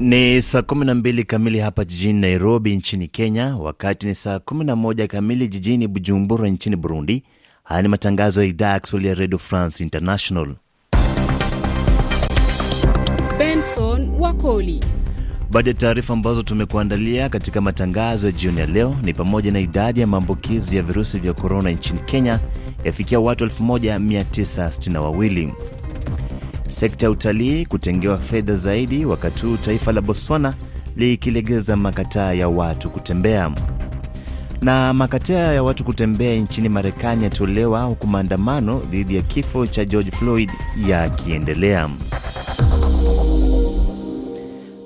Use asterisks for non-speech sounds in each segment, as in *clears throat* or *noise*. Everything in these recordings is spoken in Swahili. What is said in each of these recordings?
Ni saa 12 kamili hapa jijini Nairobi nchini Kenya, wakati ni saa 11 kamili jijini Bujumbura nchini Burundi. Haya ni matangazo ya idhaa ya Kiswahili ya redio France International. Benson Wakoli. Baadhi ya taarifa ambazo tumekuandalia katika matangazo ya jioni ya leo ni pamoja na idadi ya maambukizi ya virusi vya korona nchini Kenya yafikia watu 1962 sekta ya utalii kutengewa fedha zaidi, wakati huu taifa la Botswana likilegeza makataa ya watu kutembea. Na makataa ya watu kutembea nchini Marekani yatolewa huku maandamano dhidi ya kifo cha George Floyd yakiendelea.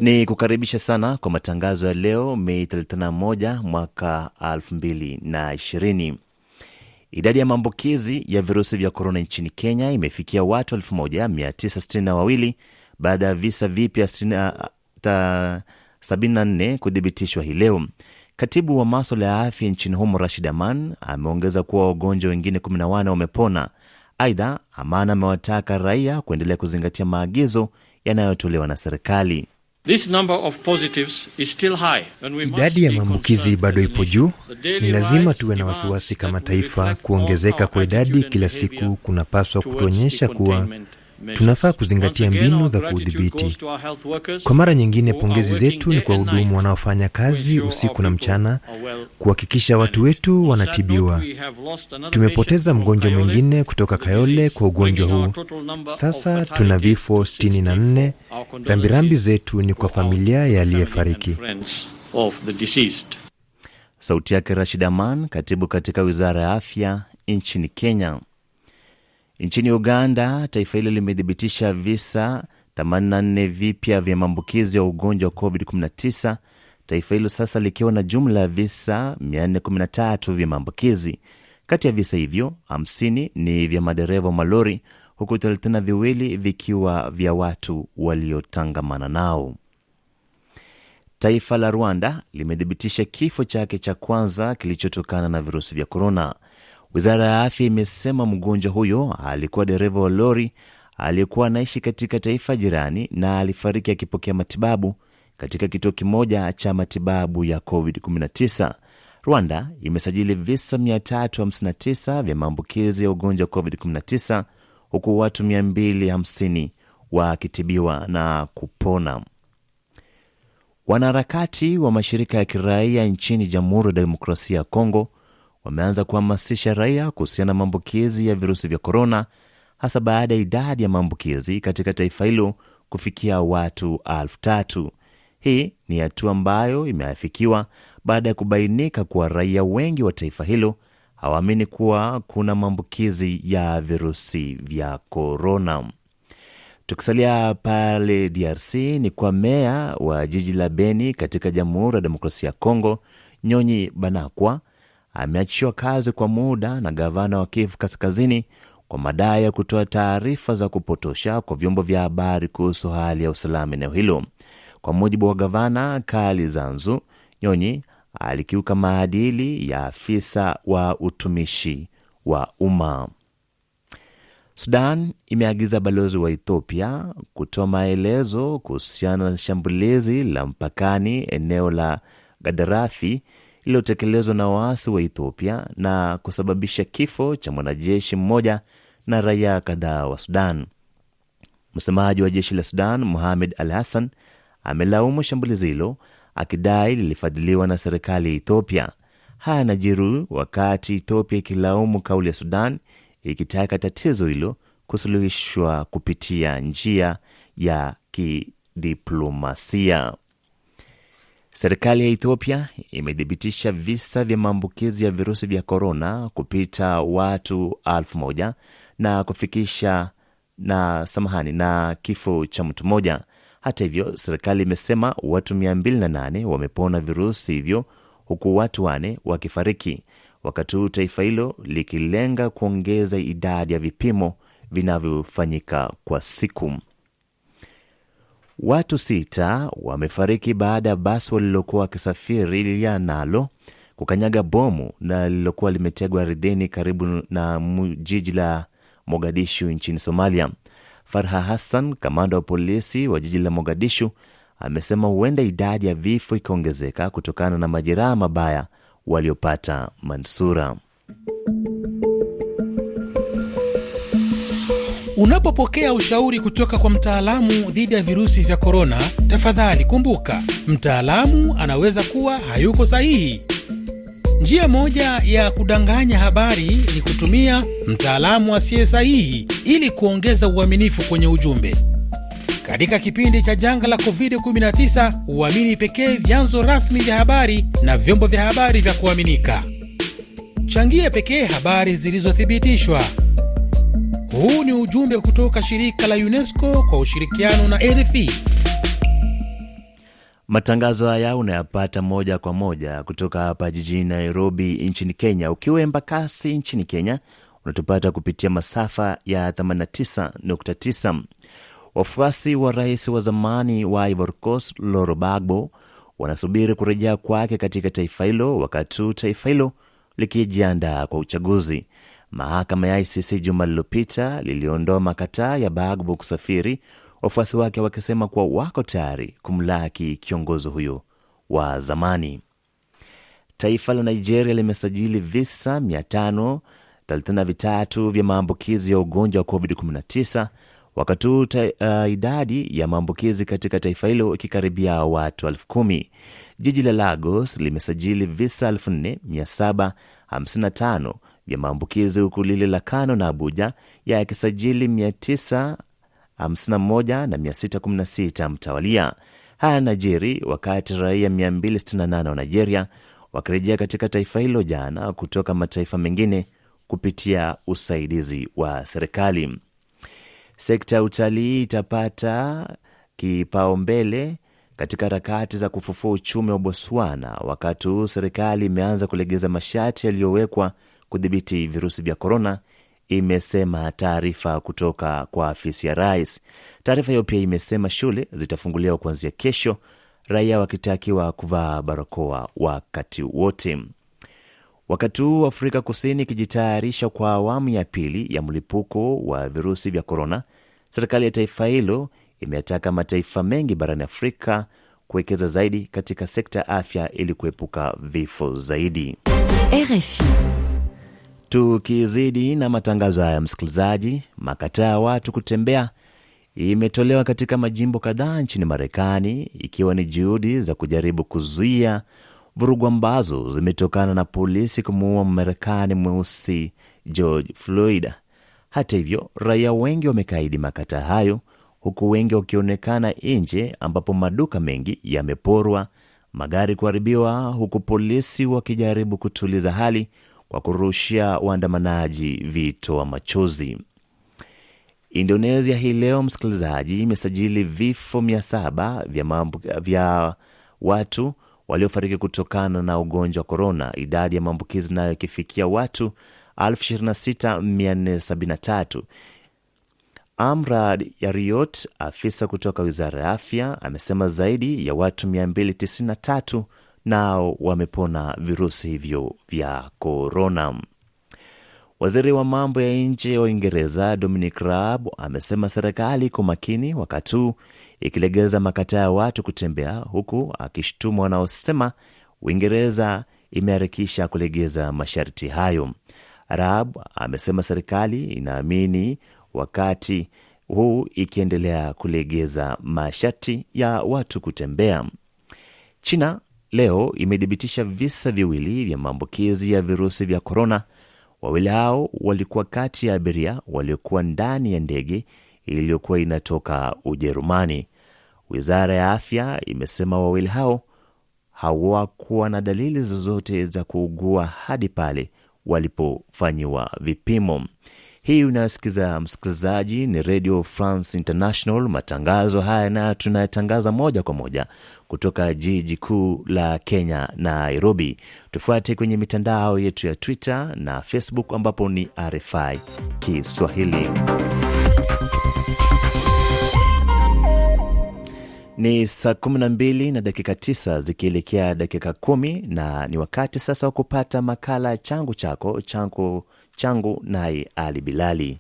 Ni kukaribisha sana kwa matangazo ya leo Mei 31 mwaka 2020. Idadi ya maambukizi ya virusi vya korona nchini Kenya imefikia watu 1962 baada ya visa vipya 74 ah, kudhibitishwa hii leo. Katibu wa maswala ya afya nchini humo Rashid Aman ameongeza kuwa wagonjwa wengine 11 wamepona. Aidha, Aman amewataka raia kuendelea kuzingatia maagizo yanayotolewa na serikali. Idadi ya maambukizi bado ipo juu. Ni lazima tuwe na wasiwasi kama taifa. Kuongezeka kwa idadi kila siku kunapaswa kutuonyesha kuwa Tunafaa kuzingatia mbinu za kuudhibiti. Kwa mara nyingine, pongezi zetu ni kwa hudumu wanaofanya kazi usiku na mchana kuhakikisha watu wetu wanatibiwa. Tumepoteza mgonjwa mwingine kutoka Kayole kwa ugonjwa huu. Sasa tuna vifo 64. Rambirambi zetu ni kwa familia ya aliyefariki. Sauti yake Rashid Aman, katibu katika wizara ya afya nchini Kenya. Nchini Uganda, taifa hilo limethibitisha visa 84 vipya vya maambukizi ya ugonjwa wa COVID-19, taifa hilo sasa likiwa na jumla ya visa 413 vya maambukizi. Kati ya visa hivyo 50 ni vya madereva wa malori, huku 32 vikiwa vya watu waliotangamana nao. Taifa la Rwanda limethibitisha kifo chake cha kwanza kilichotokana na virusi vya korona. Wizara ya afya imesema mgonjwa huyo alikuwa dereva wa lori aliyekuwa anaishi katika taifa jirani na alifariki akipokea matibabu katika kituo kimoja cha matibabu ya COVID-19. Rwanda imesajili visa 359 vya maambukizi ya ugonjwa wa COVID-19 huku watu 250 wakitibiwa na kupona. Wanaharakati wa mashirika ya kiraia nchini Jamhuri ya Demokrasia ya Kongo wameanza kuhamasisha raia kuhusiana na maambukizi ya virusi vya korona, hasa baada ya idadi ya maambukizi katika taifa hilo kufikia watu 3 tatu. Hii ni hatua ambayo imeafikiwa baada ya kubainika kuwa raia wengi wa taifa hilo hawaamini kuwa kuna maambukizi ya virusi vya korona. Tukisalia pale DRC ni kwa meya wa jiji la Beni katika Jamhuri ya Demokrasia ya Kongo, Nyonyi Banakwa ameachiwa kazi kwa muda na gavana wa Kivu Kaskazini kwa madai ya kutoa taarifa za kupotosha kwa vyombo vya habari kuhusu hali ya usalama eneo hilo. Kwa mujibu wa gavana Kali Zanzu, Nyonyi alikiuka maadili ya afisa wa utumishi wa umma. Sudan imeagiza balozi wa Ethiopia kutoa maelezo kuhusiana na shambulizi la mpakani eneo la Gadarafi iliyotekelezwa na waasi wa Ethiopia na kusababisha kifo cha mwanajeshi mmoja na raia kadhaa wa Sudan. Msemaji wa jeshi la Sudan muhamed Al Hassan amelaumu shambulizi hilo akidai lilifadhiliwa na serikali ya Ethiopia. Haya yanajiri wakati Ethiopia ikilaumu kauli ya Sudan ikitaka tatizo hilo kusuluhishwa kupitia njia ya kidiplomasia. Serikali ya Ethiopia imethibitisha visa vya maambukizi ya virusi vya korona kupita watu 1 na kufikisha na samahani, na kifo cha mtu mmoja. Hata hivyo, serikali imesema watu 28 wamepona virusi hivyo huku watu wane wakifariki, wakati huu taifa hilo likilenga kuongeza idadi ya vipimo vinavyofanyika kwa siku. Watu sita wamefariki baada ya basi walilokuwa wakisafiri nalo kukanyaga bomu na lililokuwa limetegwa ardhini karibu na jiji la Mogadishu nchini Somalia. Farha Hassan, kamanda wa polisi wa jiji la Mogadishu, amesema huenda idadi ya vifo ikaongezeka kutokana na majeraha mabaya waliopata mansura. Unapopokea ushauri kutoka kwa mtaalamu dhidi ya virusi vya korona, tafadhali kumbuka, mtaalamu anaweza kuwa hayuko sahihi. Njia moja ya kudanganya habari ni kutumia mtaalamu asiye sahihi ili kuongeza uaminifu kwenye ujumbe. Katika kipindi cha janga la COVID-19, uamini pekee vyanzo rasmi vya habari na vyombo vya habari vya kuaminika. Changia pekee habari zilizothibitishwa. Huu ni ujumbe kutoka shirika la UNESCO kwa ushirikiano na RFI. Matangazo haya unayapata moja kwa moja kutoka hapa jijini Nairobi nchini Kenya. Ukiwa Embakasi nchini Kenya, unatupata kupitia masafa ya 89.9. Wafuasi wa rais wa zamani wa Ivory Coast Laurent Gbagbo wanasubiri kurejea kwake katika taifa hilo, wakati huu taifa hilo likijiandaa kwa uchaguzi. Mahakama ya ICC juma lililopita liliondoa makataa ya Bagbo kusafiri, wafuasi wake wakisema kuwa wako tayari kumlaki kiongozi huyo wa zamani. Taifa la Nigeria limesajili visa 533 vya maambukizi ya ugonjwa wa COVID-19 wakati huu uh, idadi ya maambukizi katika taifa hilo ikikaribia watu elfu kumi. Jiji la Lagos limesajili visa 4755 vya maambukizi huku lile la Kano na Abuja yakisajili 951 na 616 mtawalia. Haya najiri wakati raia 268 wa Nigeria wakirejea katika taifa hilo jana kutoka mataifa mengine kupitia usaidizi wa serikali. Sekta ya utalii itapata kipaumbele katika harakati za kufufua uchumi wa Botswana, wakati huu serikali imeanza kulegeza masharti yaliyowekwa kudhibiti virusi vya korona imesema taarifa kutoka kwa afisi ya rais. Taarifa hiyo pia imesema shule zitafunguliwa kuanzia kesho, raia wakitakiwa kuvaa barakoa wakati wote. Wakati huu Afrika Kusini ikijitayarisha kwa awamu ya pili ya mlipuko wa virusi vya korona, serikali ya taifa hilo imeataka mataifa mengi barani Afrika kuwekeza zaidi katika sekta ya afya ili kuepuka vifo zaidi. RFI. Tukizidi na matangazo haya, msikilizaji, makataa ya watu kutembea imetolewa katika majimbo kadhaa nchini Marekani, ikiwa ni juhudi za kujaribu kuzuia vurugu ambazo zimetokana na polisi kumuua marekani mweusi George Floyd. Hata hivyo, raia wengi wamekaidi makataa hayo, huku wengi wakionekana nje, ambapo maduka mengi yameporwa, magari kuharibiwa, huku polisi wakijaribu kutuliza hali kwa kurushia waandamanaji vitoa wa machozi. Indonesia hii leo, msikilizaji, imesajili vifo mia saba vya, vya watu waliofariki kutokana na ugonjwa wa korona, idadi ya maambukizi nayo ikifikia watu 26473. Amrad Yariot, afisa kutoka wizara ya afya, amesema zaidi ya watu 293 nao wamepona virusi hivyo vya korona. Waziri wa mambo ya nje wa Uingereza Dominic Raab amesema serikali iko makini wakati huu ikilegeza makataa ya watu kutembea, huku akishutumu wanaosema Uingereza imeharakisha kulegeza masharti hayo. Raab amesema serikali inaamini wakati huu ikiendelea kulegeza masharti ya watu kutembea. China leo imethibitisha visa viwili vya maambukizi ya virusi vya korona. Wawili hao walikuwa kati ya abiria waliokuwa ndani ya ndege iliyokuwa inatoka Ujerumani. Wizara ya afya imesema wawili hao hawakuwa na dalili zozote za kuugua hadi pale walipofanyiwa vipimo. Hii unayosikiza msikilizaji ni Radio France International. Matangazo haya nayo tunayatangaza moja kwa moja kutoka jiji kuu la Kenya, Nairobi. Tufuate kwenye mitandao yetu ya Twitter na Facebook ambapo ni RFI Kiswahili. Ni saa 12 na dakika 9 zikielekea dakika 1 na ni wakati sasa wa kupata makala changu chako changu changu naye Ali Bilali.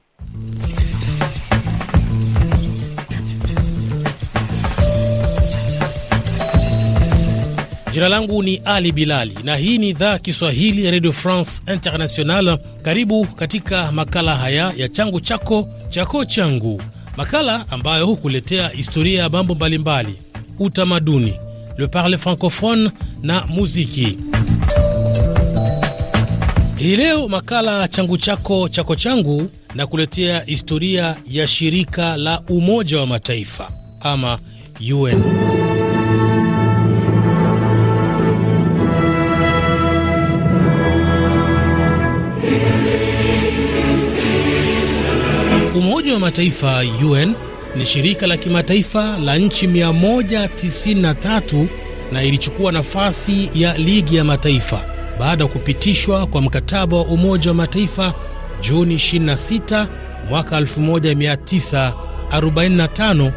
Jina langu ni Ali Bilali na hii ni idhaa Kiswahili ya Radio France International. Karibu katika makala haya ya changu chako chako changu, makala ambayo hukuletea historia ya mambo mbalimbali, utamaduni, le parle francophone na muziki. Hii leo makala changu chako chako changu na kuletea historia ya shirika la Umoja wa Mataifa ama UN. Umoja wa Mataifa UN ni shirika la kimataifa la nchi 193 na ilichukua nafasi ya Ligi ya Mataifa baada ya kupitishwa kwa mkataba wa Umoja wa Mataifa Juni 26 mwaka 1945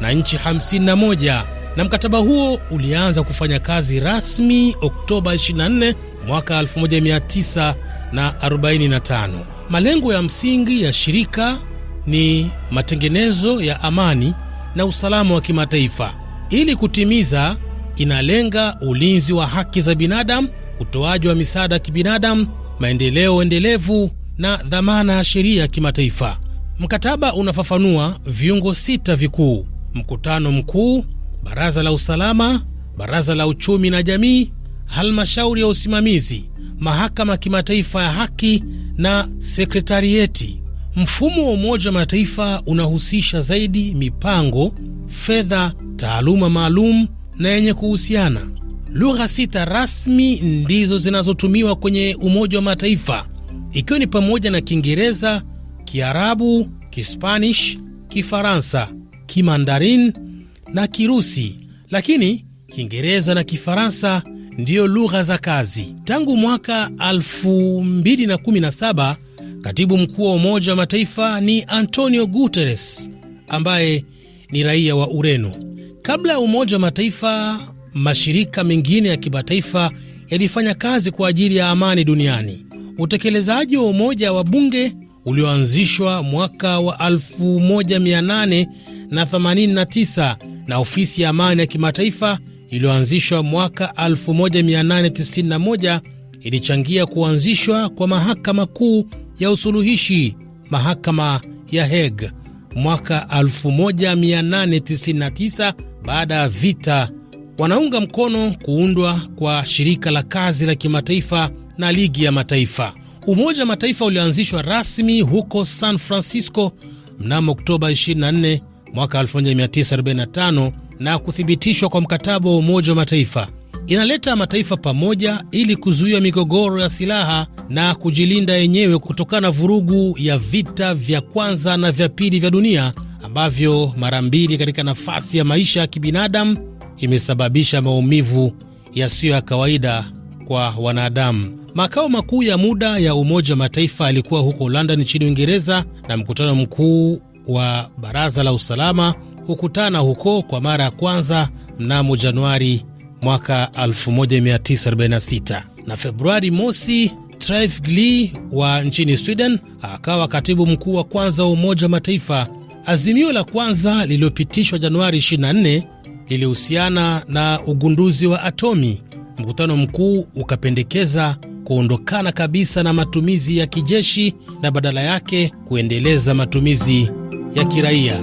na nchi 51 na mkataba huo ulianza kufanya kazi rasmi Oktoba 24 mwaka 1945. Malengo ya msingi ya shirika ni matengenezo ya amani na usalama wa kimataifa. Ili kutimiza, inalenga ulinzi wa haki za binadamu utoaji wa misaada ya kibinadamu, maendeleo endelevu na dhamana ya sheria ya kimataifa. Mkataba unafafanua viungo sita vikuu: mkutano mkuu, baraza la usalama, baraza la uchumi na jamii, halmashauri ya usimamizi, mahakama ya kimataifa ya haki na sekretarieti. Mfumo wa Umoja wa Mataifa unahusisha zaidi mipango, fedha, taaluma maalum na yenye kuhusiana lugha sita rasmi ndizo zinazotumiwa kwenye Umoja wa Mataifa, ikiwa ni pamoja na Kiingereza, Kiarabu, Kispanish, Kifaransa, Kimandarin na Kirusi, lakini Kiingereza na Kifaransa ndiyo lugha za kazi. Tangu mwaka 2017 katibu mkuu wa Umoja wa Mataifa ni Antonio Guterres ambaye ni raia wa Ureno. Kabla ya Umoja wa Mataifa, mashirika mengine ya kimataifa yalifanya kazi kwa ajili ya amani duniani. Utekelezaji wa umoja wa bunge ulioanzishwa mwaka wa 1889 na ofisi ya amani ya kimataifa iliyoanzishwa mwaka 1891 ilichangia kuanzishwa kwa mahakama kuu ya usuluhishi, mahakama ya Hague mwaka 1899 baada ya vita wanaunga mkono kuundwa kwa shirika la kazi la kimataifa na ligi ya mataifa. Umoja wa Mataifa ulioanzishwa rasmi huko San Francisco mnamo Oktoba 24 mwaka 1945 na kuthibitishwa kwa mkataba wa Umoja wa Mataifa inaleta mataifa pamoja ili kuzuia migogoro ya silaha na kujilinda yenyewe kutokana na vurugu ya vita vya kwanza na vya pili vya dunia ambavyo mara mbili katika nafasi ya maisha ya kibinadamu imesababisha maumivu yasiyo ya kawaida kwa wanadamu. Makao makuu ya muda ya Umoja wa Mataifa yalikuwa huko London nchini Uingereza, na mkutano mkuu wa Baraza la Usalama hukutana huko kwa mara ya kwanza mnamo Januari mwaka 1946 na Februari mosi Trygve Lie wa nchini Sweden akawa katibu mkuu wa kwanza wa Umoja wa Mataifa. Azimio la kwanza lililopitishwa Januari 24 lilihusiana na ugunduzi wa atomi. Mkutano mkuu ukapendekeza kuondokana kabisa na matumizi ya kijeshi na badala yake kuendeleza matumizi ya kiraia.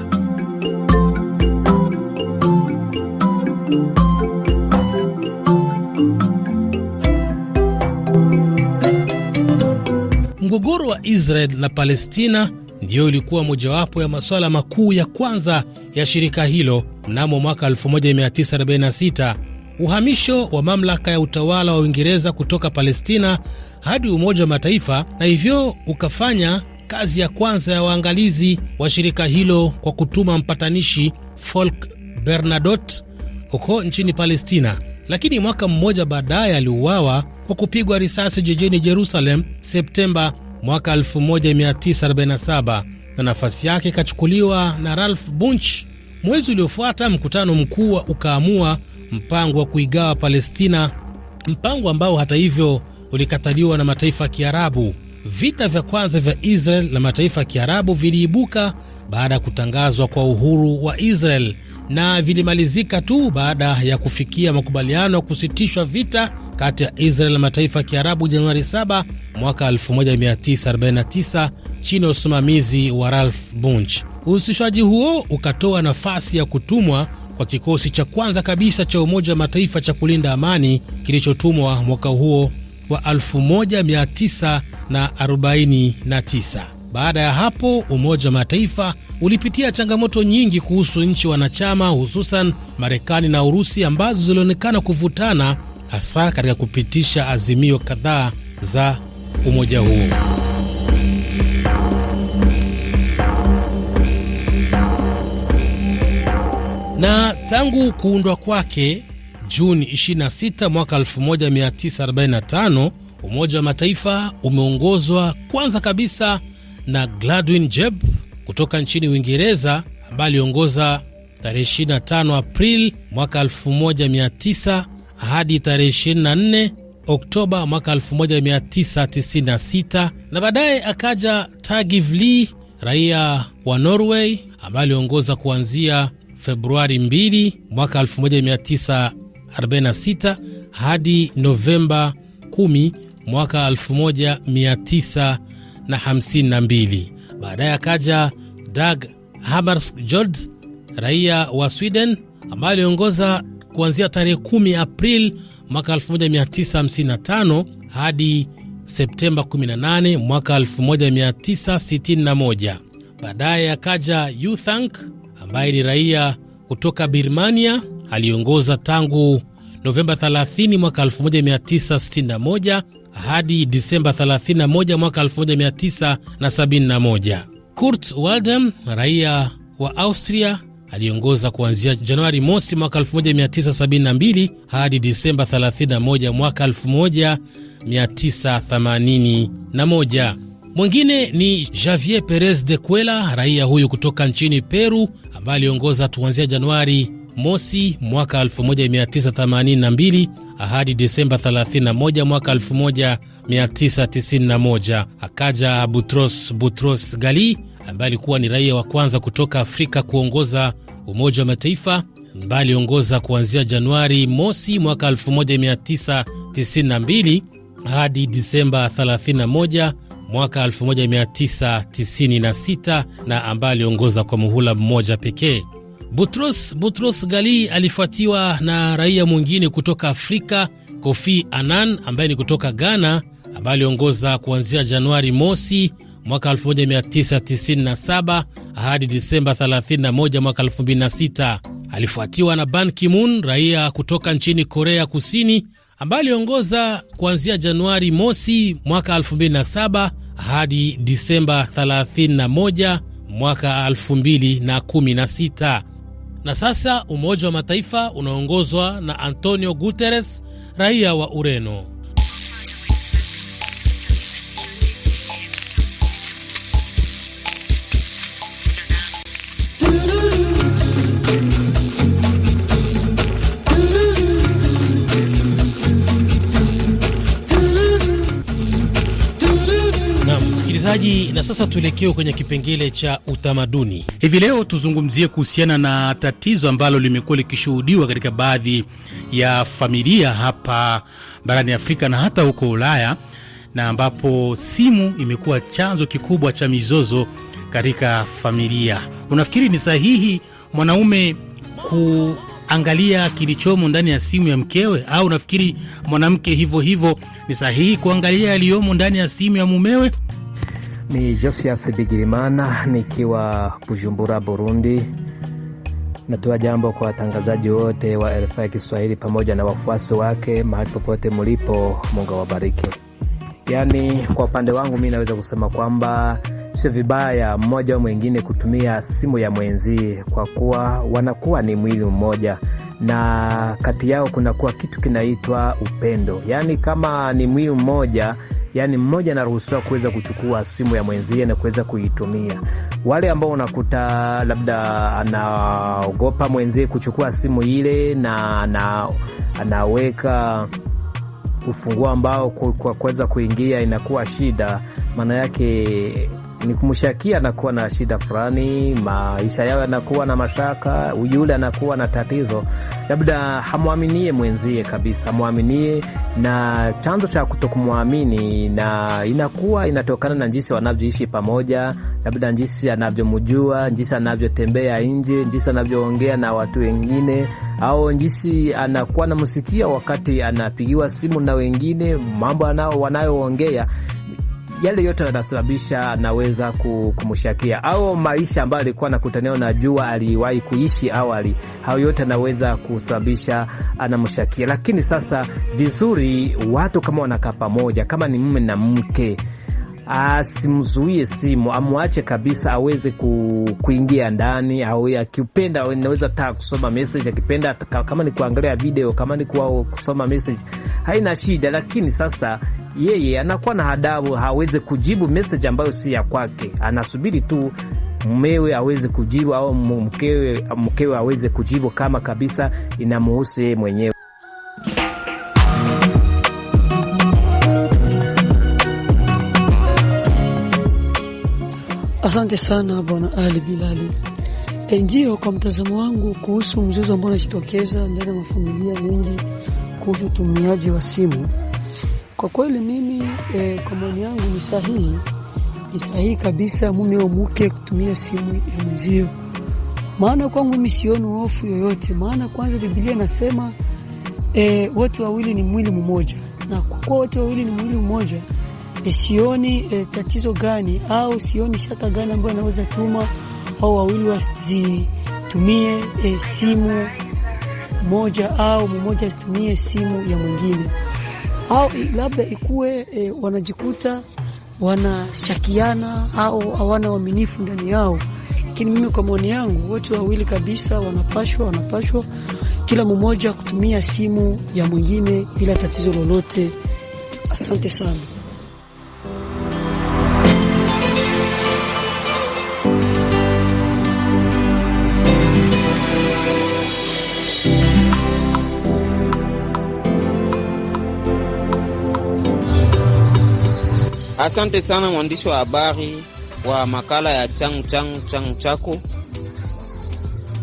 Mgogoro wa Israel na Palestina ndiyo ilikuwa mojawapo ya masuala makuu ya kwanza ya shirika hilo Mnamo mwaka 1946 uhamisho wa mamlaka ya utawala wa Uingereza kutoka Palestina hadi Umoja wa Mataifa, na hivyo ukafanya kazi ya kwanza ya waangalizi wa shirika hilo kwa kutuma mpatanishi Folk Bernadotte huko nchini Palestina, lakini mwaka mmoja baadaye aliuawa kwa kupigwa risasi jijini Jerusalem Septemba mwaka 1947 na nafasi yake ikachukuliwa na Ralph Bunche Mwezi uliofuata mkutano mkuu ukaamua mpango wa kuigawa Palestina, mpango ambao hata hivyo ulikataliwa na mataifa ya Kiarabu. Vita vya kwanza vya Israel na mataifa ya Kiarabu viliibuka baada ya kutangazwa kwa uhuru wa Israel na vilimalizika tu baada ya kufikia makubaliano ya kusitishwa vita kati ya Israel na mataifa ya Kiarabu Januari 7 mwaka 1949 chini ya usimamizi wa Ralph Bunche. Uhusishaji huo ukatoa nafasi ya kutumwa kwa kikosi cha kwanza kabisa cha Umoja wa Mataifa cha kulinda amani kilichotumwa mwaka huo wa 1949. Baada ya hapo, Umoja wa Mataifa ulipitia changamoto nyingi kuhusu nchi wanachama, hususan Marekani na Urusi ambazo zilionekana kuvutana hasa katika kupitisha azimio kadhaa za umoja huo. na tangu kuundwa kwake Juni 26 mwaka 1945 Umoja wa Mataifa umeongozwa kwanza kabisa na Gladwin Jeb kutoka nchini Uingereza ambaye aliongoza tarehe 25 april mwaka 1900 hadi tarehe 24 Oktoba mwaka 1996 na baadaye akaja Tagivli raia wa Norway ambaye aliongoza kuanzia Februari 2 mwaka 1946 hadi Novemba 10 mwaka 1952. Baadaye akaja Dag Hammarskjöld raia wa Sweden ambaye aliongoza kuanzia tarehe 10 Aprili mwaka 1955 hadi Septemba 18 mwaka 1961. Baadaye akaja Euthunk ambaye ni raia kutoka Birmania aliongoza tangu Novemba 30 mwaka 1961 hadi Disemba 31 mwaka 1971. Kurt waldem raia wa Austria aliongoza kuanzia Januari mosi mwaka 1972 hadi Disemba 31 mwaka 1981. Mwingine ni Javier Perez de Cuellar, raia huyu kutoka nchini Peru ambaye aliongoza tuanzia Januari mosi mwaka 1982 hadi Disemba 31 mwaka 1991. Akaja Butros Butros Gali ambaye alikuwa ni raia wa kwanza kutoka Afrika kuongoza Umoja wa Mataifa ambaye aliongoza kuanzia Januari mosi mwaka 1992 hadi Disemba 31 mwaka 1996 na ambaye aliongoza kwa muhula mmoja pekee. Boutros Boutros Ghali alifuatiwa na raia mwingine kutoka Afrika, Kofi Annan ambaye ni kutoka Ghana, ambaye aliongoza kuanzia Januari mosi mwaka 1997 hadi Disemba 31 mwaka 2006. Alifuatiwa na Ban Ki-moon, raia kutoka nchini Korea Kusini ambaye aliongoza kuanzia Januari mosi mwaka 2007 hadi Disemba 31 mwaka 2016. Na, na sasa Umoja wa Mataifa unaongozwa na Antonio Guterres, raia wa Ureno. msikilizaji, na sasa tuelekee kwenye kipengele cha utamaduni. Hivi leo tuzungumzie kuhusiana na tatizo ambalo limekuwa likishuhudiwa katika baadhi ya familia hapa barani Afrika na hata huko Ulaya, na ambapo simu imekuwa chanzo kikubwa cha mizozo katika familia. Unafikiri ni sahihi mwanaume ku angalia kilichomo ndani ya simu ya mkewe, au nafikiri mwanamke hivyo hivyo, ni sahihi kuangalia yaliyomo ndani ya simu ya mumewe? Ni Josias Bigirimana nikiwa Bujumbura, Burundi. Natoa jambo kwa watangazaji wote wa RFI Kiswahili pamoja na wafuasi wake mahali popote mulipo, Mungu awabariki. Yaani, kwa upande wangu mi naweza kusema kwamba sio vibaya mmoja au mwingine kutumia simu ya mwenzie, kwa kuwa wanakuwa ni mwili mmoja na kati yao kunakuwa kitu kinaitwa upendo. Yaani kama ni mwili mmoja yaani mmoja anaruhusiwa kuweza kuchukua simu ya mwenzie na kuweza kuitumia. Wale ambao unakuta labda anaogopa mwenzie kuchukua simu ile na, na anaweka ufunguo ambao kwa kuweza kuingia inakuwa shida, maana yake ni kumshakia anakuwa na shida fulani, maisha yao yanakuwa na mashaka, yule anakuwa na tatizo, labda hamwaminie mwenzie kabisa, hamwaminie. Na chanzo cha kutokumwamini na inakuwa inatokana na jinsi wanavyoishi pamoja, labda jinsi anavyomjua, jinsi anavyotembea nje, jinsi anavyoongea na watu wengine, au jinsi anakuwa anamsikia wakati anapigiwa simu na wengine, mambo wanayoongea yale yote anasababisha anaweza kumshakia au maisha ambayo alikuwa anakutania na jua aliwahi kuishi awali, hayo yote anaweza kusababisha anamshakia. Lakini sasa vizuri, watu kama wanakaa pamoja, kama ni mume na mke asimzuie ah, simu, amwache kabisa aweze ku, kuingia ndani au akipenda naweza taka kusoma message, akipenda kama ni kuangalia video, kama ni kwa kusoma message, haina shida, lakini sasa yeye anakuwa na adabu, hawezi kujibu message ambayo si ya kwake, anasubiri tu mmewe aweze kujibu au mkewe, mkewe aweze kujibu kama kabisa inamuhusu yeye mwenyewe. Asante sana bwana Ali Bilali. E, ndio kwa mtazamo wangu kuhusu mzozo ambao unajitokeza ndani ya mafamilia mengi kuhusu utumiaji wa simu, kwa kweli mimi e, kwa maoni yangu ni sahihi, ni sahihi kabisa mume au mke kutumia simu ya mwenzio, maana kwangu mimi sioni hofu yoyote, maana kwanza Biblia inasema e, wote wawili ni mwili mmoja, na kwa kuwa wote wawili ni mwili mmoja E, sioni e, tatizo gani au sioni shaka gani ambayo anaweza tuma au wawili wasitumie e, simu moja au mmoja asitumie simu ya mwingine, au labda ikuwe e, wanajikuta wanashakiana au hawana uaminifu ndani yao. Lakini mimi kwa maoni yangu, wote wawili kabisa wanapashwa wanapashwa kila mmoja kutumia simu ya mwingine bila tatizo lolote. Asante sana. Asante sana mwandishi wa habari wa makala ya changu changu changu chako.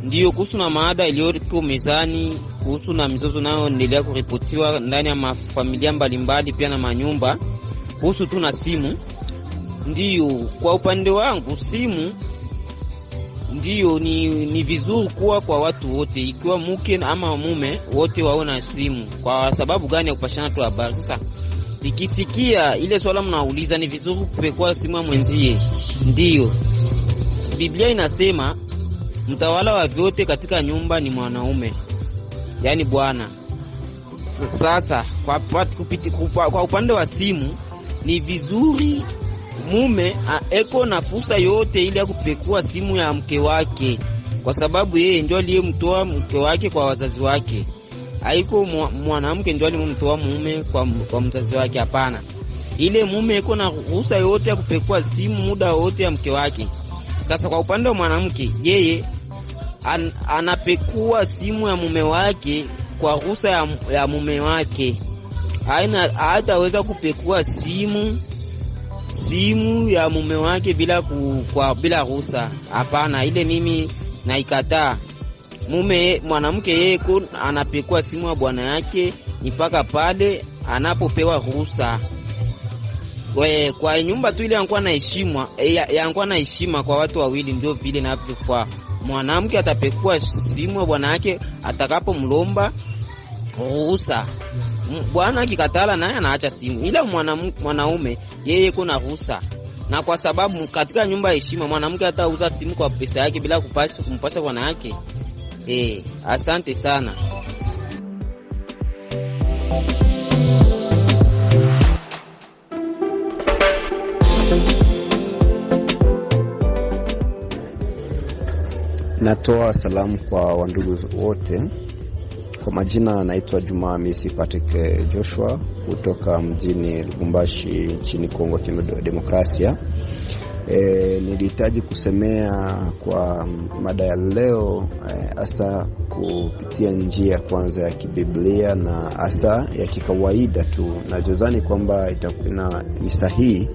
Ndiyo kuhusu na maada iliyoko mezani kuhusu na mizozo nayo endelea kuripotiwa ndani ya mafamilia mbalimbali, pia na manyumba, kuhusu tu na simu. Ndiyo kwa upande wangu simu ndiyo ni, ni vizuri kuwa kwa watu wote, ikiwa mke ama mume wote waona simu. Kwa sababu gani ya kupashana tu habari sasa ikifikia ile swala mnauliza, ni vizuri kupekua simu ya mwenzie. Ndiyo, Biblia inasema mtawala wa vyote katika nyumba ni mwanaume, yaani bwana. Sasa kwa, kwa, kwa upande wa simu ni vizuri mume eko na fursa yote ili akupekua simu ya mke wake, kwa sababu yeye ndio aliyemtoa mke wake kwa wazazi wake haiko mwanamke ndio alimtoa mume kwa, kwa mzazi wake. Hapana, ile mume iko na ruhusa yote ya kupekua simu muda wote ya mke wake. Sasa kwa upande wa mwanamke, yeye an, anapekua simu ya mume wake kwa ruhusa ya, ya mume wake. Hataweza kupekua simu simu ya mume wake bila ku, kwa, bila ruhusa. Hapana, ile mimi naikataa mume mwanamke yeye ko anapekua simu ya bwana yake mpaka pale anapopewa ruhusa. kwa nyumba tu ile yankuwa na heshima eh, yankuwa na heshima kwa watu wawili, ndio vile navyofaa. Mwanamke atapekua simu ya bwana yake atakapomlomba ruhusa. Bwana akikatala, naye anaacha simu, ila mwanaume yeye kuna ruhusa na kwa sababu katika nyumba ya heshima mwanamke atauza simu kwa pesa yake bila kupasha kumpasha bwana yake. Eh, asante sana. Natoa salamu kwa wandugu wote. Kwa majina anaitwa Juma misi Patrick eh, Joshua kutoka mjini Lubumbashi nchini Kongo ya Demokrasia. E, nilihitaji kusemea kwa mada ya leo eh, hasa e, kupitia njia kwanza ya kibiblia na hasa ya kikawaida tu, nadhani kwamba ni sahihi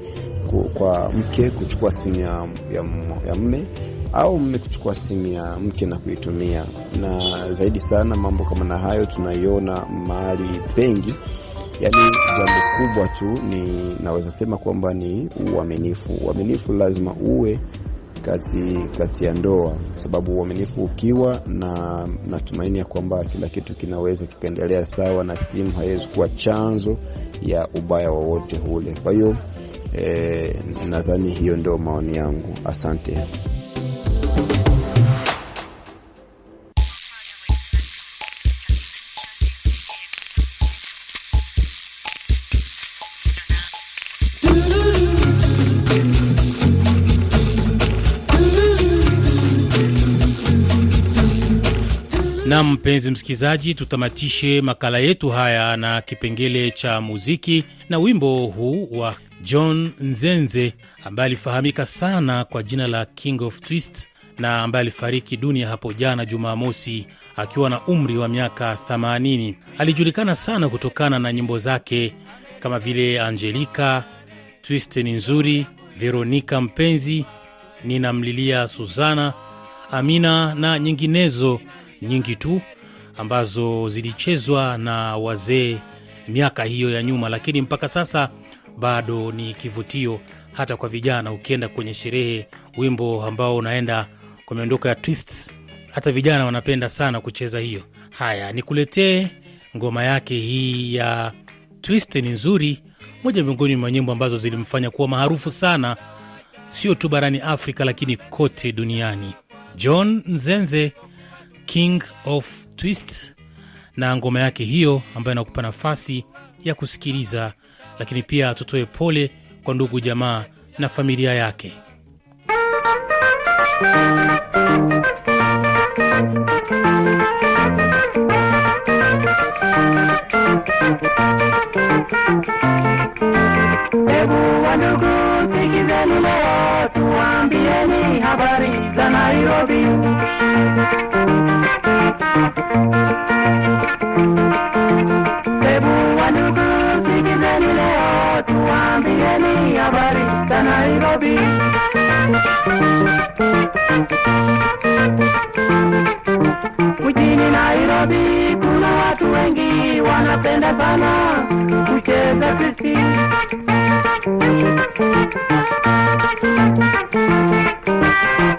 kwa mke kuchukua simu ya, ya, ya mme au mme kuchukua simu ya mke na kuitumia, na zaidi sana mambo kama na hayo tunaiona mahali pengi Yani jambo kubwa tu ni naweza sema kwamba ni uaminifu. Uaminifu lazima uwe kati kati ya ndoa, sababu uaminifu ukiwa, na natumaini ya kwamba kila kitu kinaweza kikaendelea sawa, na simu haiwezi kuwa chanzo ya ubaya wowote ule. Kwa hiyo eh, nadhani hiyo ndio maoni yangu. Asante. Nam mpenzi msikilizaji, tutamatishe makala yetu haya na kipengele cha muziki na wimbo huu wa John Nzenze ambaye alifahamika sana kwa jina la King of Twist na ambaye alifariki dunia hapo jana Jumamosi akiwa na umri wa miaka 80. Alijulikana sana kutokana na nyimbo zake kama vile Angelika, Twist ni nzuri, Veronika mpenzi, ninamlilia Suzana, Amina na nyinginezo nyingi tu ambazo zilichezwa na wazee miaka hiyo ya nyuma, lakini mpaka sasa bado ni kivutio hata kwa vijana. Ukienda kwenye sherehe, wimbo ambao unaenda kwa miondoko ya twists, hata vijana wanapenda sana kucheza hiyo. Haya, nikuletee ngoma yake hii ya twist. Ni nzuri, moja miongoni mwa nyimbo ambazo zilimfanya kuwa maarufu sana, sio tu barani Afrika, lakini kote duniani. John Nzenze King of Twist na ngoma yake hiyo ambayo inakupa nafasi ya kusikiliza, lakini pia tutoe pole kwa ndugu jamaa na familia yake. Thank you. Hebu wandugu, sikizeni leo, tuambieni habari za Nairobi. Hebu wandugu, sikizeni leo, tuambieni habari za Nairobi. Mjini Nairobi kuna watu wengi wanapenda sana kucheza twist.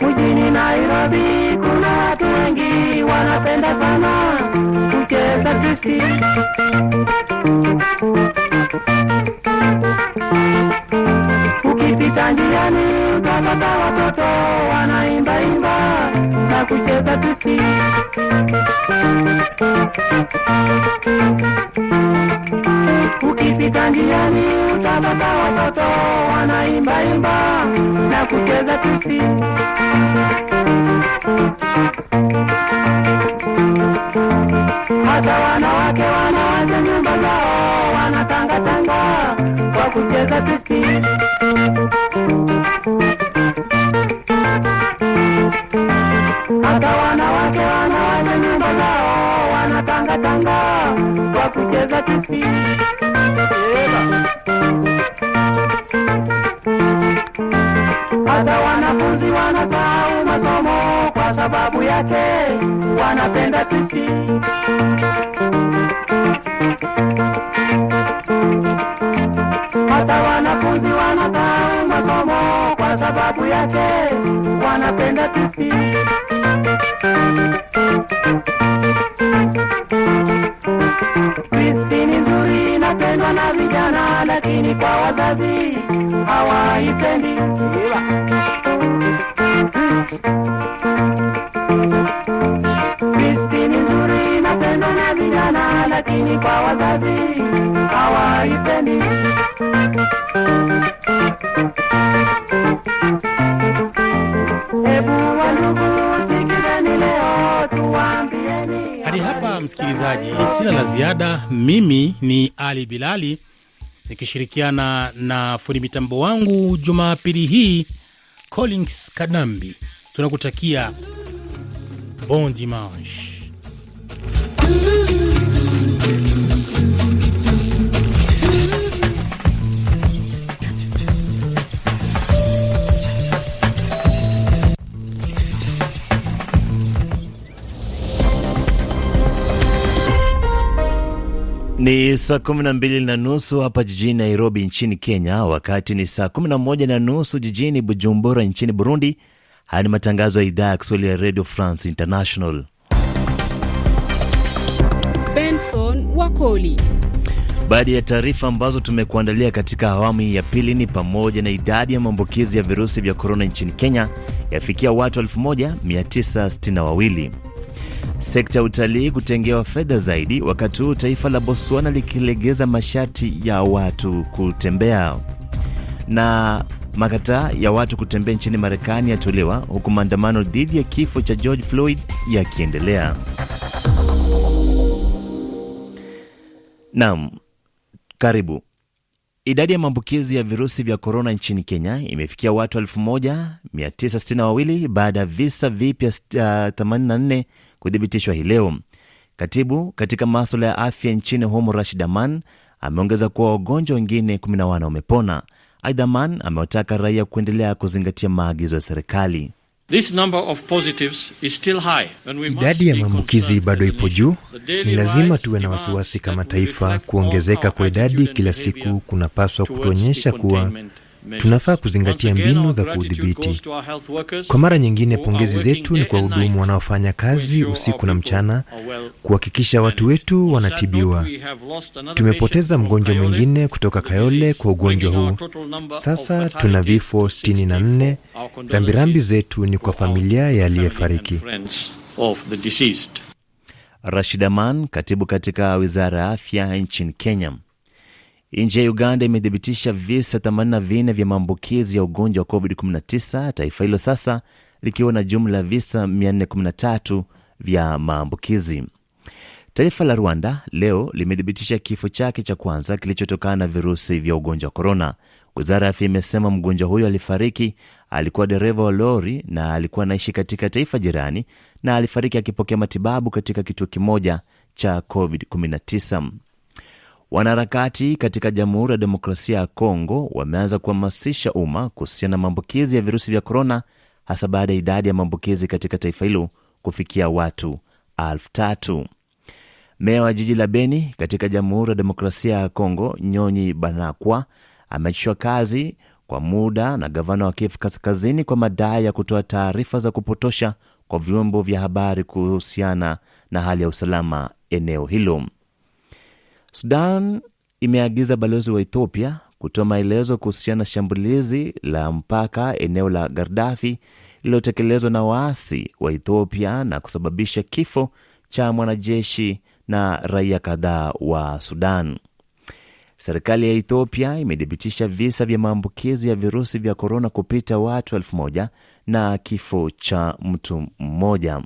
Mjini Nairobi kuna watu wengi wanapenda sana kucheza twist. Ukipita njiani Baba watoto imba na kucheza tusi. Ukipita njiani utapata watoto wanaimbaimba na kucheza tusi. Hata wanawake wanawacha nyumba zao wanatangatanga kwa kucheza tusi. na kanga kwa kucheza tisini. Hata wanafunzi wanasahau masomo kwa sababu yake, wanapenda twisi. Hata wanafunzi wanasahau masomo kwa sababu yake, wanapenda twisi. hakika wazazi hawaipendi Kristi ni nzuri inapendwa na vijana, lakini kwa wazazi hawaipendi. Hadi hapa msikilizaji, sina la ziada. Mimi ni Ali Bilali nikishirikiana na fundi mitambo wangu Jumapili hii Collins Kadambi. Tunakutakia bon dimanche. Ni saa kumi na mbili na nusu hapa jijini Nairobi nchini Kenya, wakati ni saa kumi na moja na nusu jijini Bujumbura nchini Burundi. Haya ni matangazo ya idhaa ya Kiswahili ya Radio France International. Benson Wakoli. Baadhi ya taarifa ambazo tumekuandalia katika awamu ya pili ni pamoja na idadi ya maambukizi ya virusi vya korona nchini Kenya yafikia watu 1962 sekta ya utalii kutengewa fedha zaidi, wakati huu taifa la Botswana likilegeza masharti ya watu kutembea na makataa ya watu kutembea nchini Marekani yatolewa huku maandamano dhidi ya kifo cha George Floyd yakiendelea. Naam, karibu. Idadi ya maambukizi ya virusi vya korona nchini Kenya imefikia watu 1962 baada ya visa vipya 84 uh, kuthibitishwa hii leo. Katibu katika maswala ya afya nchini humo Rashid Aman ameongeza kuwa wagonjwa wengine 11 wamepona. Aidha, Aman amewataka raia kuendelea kuzingatia maagizo ya serikali. Idadi ya maambukizi bado ipo juu. Ni lazima tuwe na wasiwasi kama taifa. Kuongezeka kwa idadi kila siku kunapaswa kutuonyesha kuwa Tunafaa kuzingatia mbinu za kuudhibiti. Kwa mara nyingine, pongezi zetu ni kwa hudumu wanaofanya kazi usiku na mchana kuhakikisha watu wetu wanatibiwa. Tumepoteza mgonjwa mwingine kutoka Kayole kwa ugonjwa huu. Sasa tuna vifo 64. Rambirambi zetu ni kwa familia ya aliyefariki. Rashid Aman, katibu katika wizara ya afya nchini Kenya. Nchi ya Uganda imethibitisha visa 84 vya maambukizi ya ugonjwa wa COVID-19, taifa hilo sasa likiwa na jumla ya visa 413 vya maambukizi. Taifa la Rwanda leo limethibitisha kifo chake cha kwanza kilichotokana na virusi vya ugonjwa wa korona. Wizara ya afya imesema mgonjwa huyo alifariki, alikuwa dereva wa lori na alikuwa anaishi katika taifa jirani, na alifariki akipokea matibabu katika kituo kimoja cha COVID-19. Wanaharakati katika Jamhuri ya Demokrasia ya Kongo wameanza kuhamasisha umma kuhusiana na maambukizi ya virusi vya korona, hasa baada ya idadi ya maambukizi katika taifa hilo kufikia watu elfu tatu. Meya wa jiji la Beni katika Jamhuri ya Demokrasia ya Kongo, Nyonyi Banakwa, ameachishwa kazi kwa muda na gavana wa Kivu Kaskazini kwa madai ya kutoa taarifa za kupotosha kwa vyombo vya habari kuhusiana na hali ya usalama eneo hilo. Sudan imeagiza balozi wa Ethiopia kutoa maelezo kuhusiana na shambulizi la mpaka eneo la Gardafi lililotekelezwa na waasi wa Ethiopia na kusababisha kifo cha mwanajeshi na raia kadhaa wa Sudan. Serikali ya Ethiopia imethibitisha visa vya maambukizi ya virusi vya korona kupita watu elfu moja na kifo cha mtu mmoja.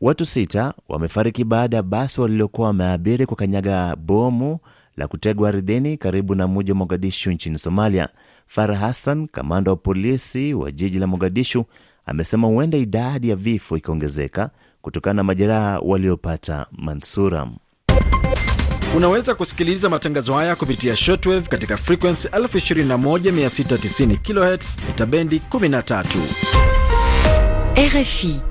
Watu sita wamefariki baada ya basi walilokuwa wameabiri kwa kanyaga bomu la kutegwa ardhini karibu na mji wa Mogadishu nchini Somalia. Farah Hassan, kamanda wa polisi wa jiji la Mogadishu, amesema huenda idadi ya vifo ikiongezeka kutokana na majeraha waliopata. Mansura, unaweza kusikiliza matangazo haya kupitia shortwave katika frekuensi 21690 kHz, ita bendi 13 RFI.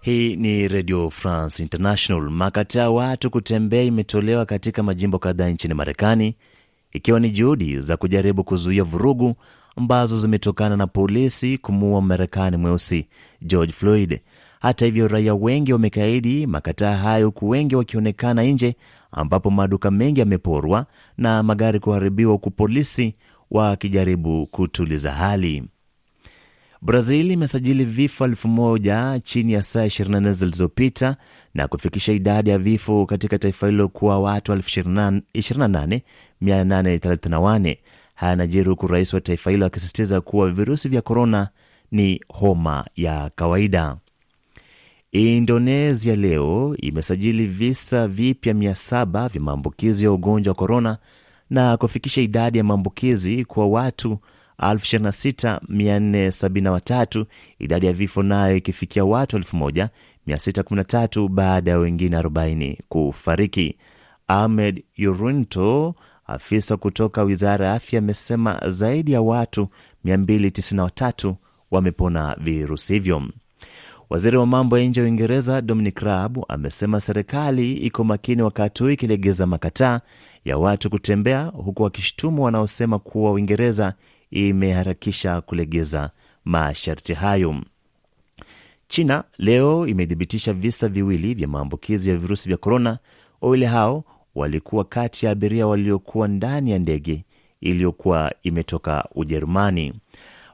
Hii ni Radio France International. ya watu kutembea imetolewa katika majimbo kadhaa nchini Marekani, ikiwa ni juhudi za kujaribu kuzuia vurugu ambazo zimetokana na polisi kumuua Marekani mweusi George Floyd. Hata hivyo, raia wengi wamekaidi makataa hayo, huku wengi wakionekana nje, ambapo maduka mengi yameporwa na magari kuharibiwa, huku polisi wakijaribu kutuliza hali. Brazil imesajili vifo elfu moja chini ya saa 24 zilizopita na kufikisha idadi ya vifo katika taifa hilo kuwa watu 28834. Haya yanajiri huku rais wa taifa hilo akisisitiza kuwa virusi vya korona ni homa ya kawaida. Indonesia leo imesajili visa vipya 700 vya maambukizi ya ugonjwa wa korona na kufikisha idadi ya maambukizi kwa watu 26473 idadi ya vifo nayo ikifikia watu 1613 baada ya wengine 40 kufariki. Ahmed Yurunto, afisa kutoka wizara ya afya, amesema zaidi ya watu 293 wamepona virusi hivyo. Waziri wa mambo ya nje ya Uingereza Dominic rab amesema serikali iko makini wakati huu ikilegeza makataa ya watu kutembea, huku wakishtumu wanaosema kuwa Uingereza imeharakisha kulegeza masharti hayo. China leo imethibitisha visa viwili vya maambukizi ya virusi vya korona. Wawili hao walikuwa kati ya abiria waliokuwa ndani ya ndege iliyokuwa imetoka Ujerumani.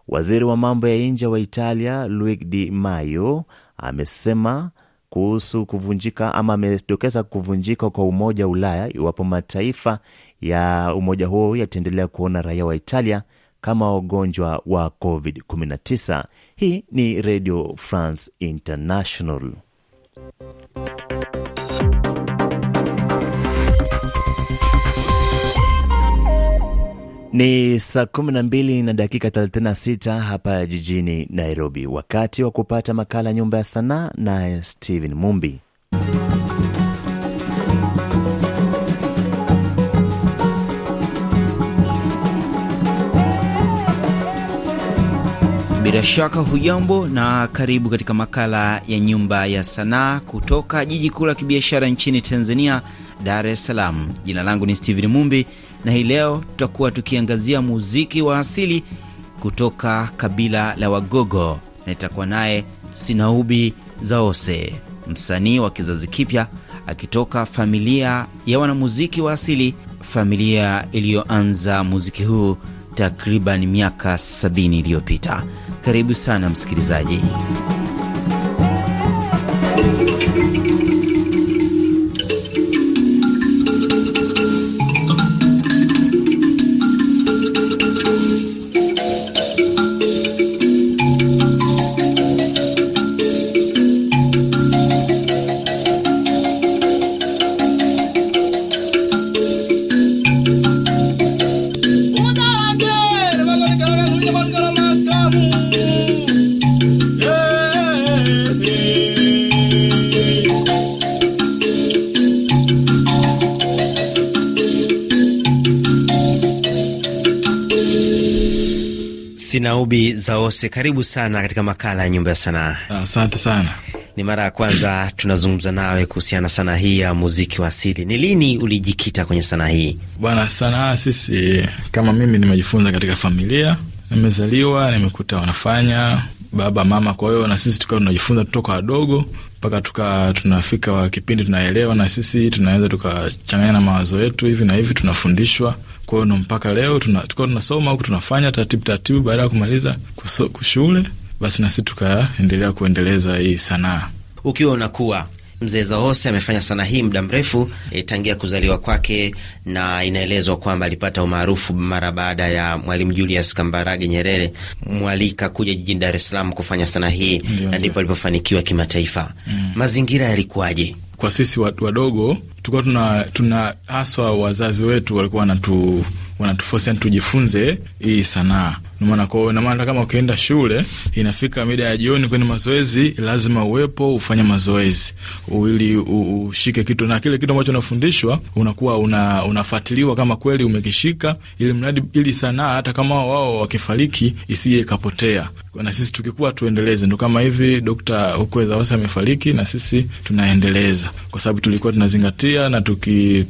Waziri wa mambo ya nje wa Italia Luigi Di Maio amesema kuhusu kuvunjika ama amedokeza kuvunjika kwa Umoja wa Ulaya iwapo mataifa ya umoja huo yataendelea kuona raia wa Italia kama wagonjwa wa covid-19 hii ni radio france international ni saa 12 na dakika 36 hapa jijini nairobi wakati wa kupata makala nyumba ya sanaa naye stephen mumbi Bila shaka hujambo na karibu katika makala ya nyumba ya sanaa kutoka jiji kuu la kibiashara nchini Tanzania, Dar es Salaam. Jina langu ni stephen Mumbi na hii leo tutakuwa tukiangazia muziki wa asili kutoka kabila la Wagogo na itakuwa naye Sinaubi Zaose, msanii wa kizazi kipya akitoka familia ya wanamuziki wa asili, familia iliyoanza muziki huu takriban miaka sabini iliyopita. Karibu sana msikilizaji. Rubi Zaose, karibu sana katika makala ya Nyumba ya Sanaa. Asante sana. Ni mara ya kwanza tunazungumza nawe kuhusiana sanaa hii ya muziki wa asili. Ni lini ulijikita kwenye sanaa hii bwana? Sanaa sisi kama mimi nimejifunza katika familia, nimezaliwa nimekuta wanafanya baba mama, kwa hiyo na sisi tukawa tunajifunza tutoka wadogo mpaka tuka tunafika kipindi tunaelewa, na sisi tunaweza tukachanganya na mawazo yetu hivi na hivi, tunafundishwa. Kwa hiyo mpaka leo tuko tunasoma huku tunafanya taratibu taratibu, baada ya kumaliza kushule basi na sisi tukaendelea kuendeleza hii sanaa ukiwa unakuwa Mzee zaose amefanya sanaa hii muda mrefu e, tangia kuzaliwa kwake, na inaelezwa kwamba alipata umaarufu mara baada ya Mwalimu Julius Kambarage Nyerere mwalika kuja jijini Dar es Salaam kufanya sanaa hii, na ndipo alipofanikiwa kimataifa. Mm. Mazingira yalikuwaje? Kwa sisi wadogo tulikuwa tuna, tuna haswa wazazi wetu walikuwa wanatu wanatuforce yani tujifunze hii sanaa. Maana kwao namaana kama ukienda shule inafika mida ya jioni kwenye mazoezi, lazima uwepo ufanye mazoezi ili ushike kitu, na kile kitu ambacho unafundishwa unakuwa una, unafuatiliwa kama kweli umekishika, ili mradi ili sanaa hata kama wao wakifariki isije ikapotea na sisi tukikuwa tuendeleze, ndo kama hivi Dokta Ukweza Wasi amefariki, na sisi tunaendeleza kwa sababu tulikuwa tunazingatia na tuki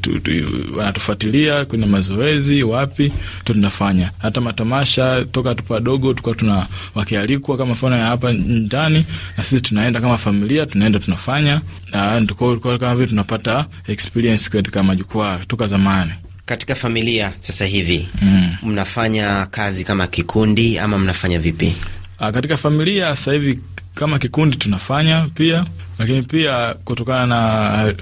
wanatufuatilia kwenye mazoezi, wapi tu tunafanya hata matamasha toka tupadogo, tukuwa tuna wakialikwa kama mfano ya hapa ndani, na sisi tunaenda kama familia, tunaenda tunafanya, na tukuwa kama vile tunapata experience katika majukwaa toka zamani katika familia sasa hivi mm. Mnafanya kazi kama kikundi ama mnafanya vipi? A, ah, katika familia sasa hivi kama kikundi tunafanya pia, lakini pia kutokana na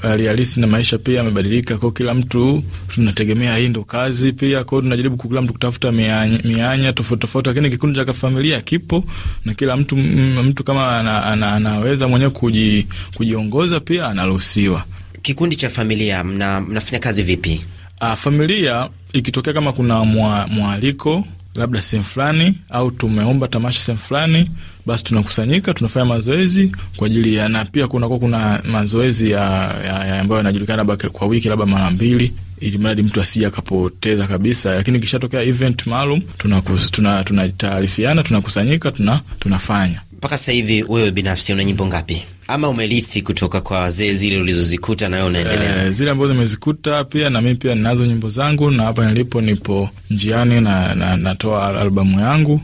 hali halisi na maisha pia yamebadilika, kwao kila mtu tunategemea, hii ndo kazi pia, kwao tunajaribu kila mtu kutafuta mianya, mianya tofauti tofauti, lakini kikundi cha kafamilia kipo na kila mtu m, mm, mtu kama ana, ana, anaweza mwenyewe kuji, kujiongoza pia anaruhusiwa. Kikundi cha familia mna, mnafanya kazi vipi? A, ah, familia ikitokea kama kuna mwa, mwaliko labda sehemu fulani au tumeomba tamasha sehemu fulani, basi tunakusanyika tunafanya mazoezi kwa ajili ya, na pia kunakuwa kuna mazoezi ya, ya, ya ambayo yanajulikana labda kwa wiki labda mara mbili ili mradi mtu asija akapoteza kabisa. Lakini kishatokea event maalum tunataarifiana, tuna, tuna tunakusanyika, tuna, tunafanya mpaka sasa hivi wewe binafsi una nyimbo ngapi ama umerithi kutoka kwa wazee zile ulizozikuta nawe unaendeleza? E, zile ambazo nimezikuta pia na mimi pia ninazo nyimbo zangu, na hapa nilipo nipo njiani na, na natoa albamu yangu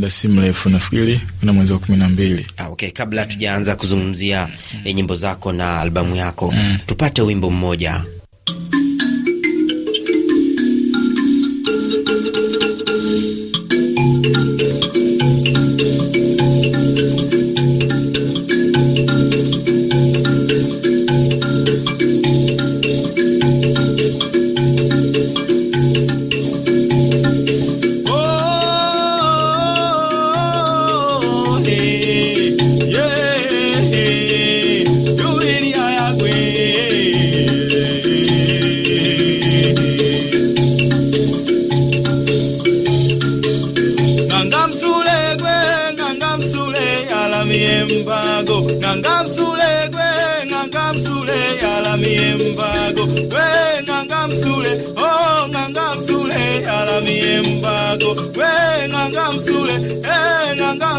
Uh, si mrefu nafikiri kuna mwezi wa kumi na mbili. Ah, okay. Kabla hatujaanza kuzungumzia mm, nyimbo zako na albamu yako mm, tupate wimbo mmoja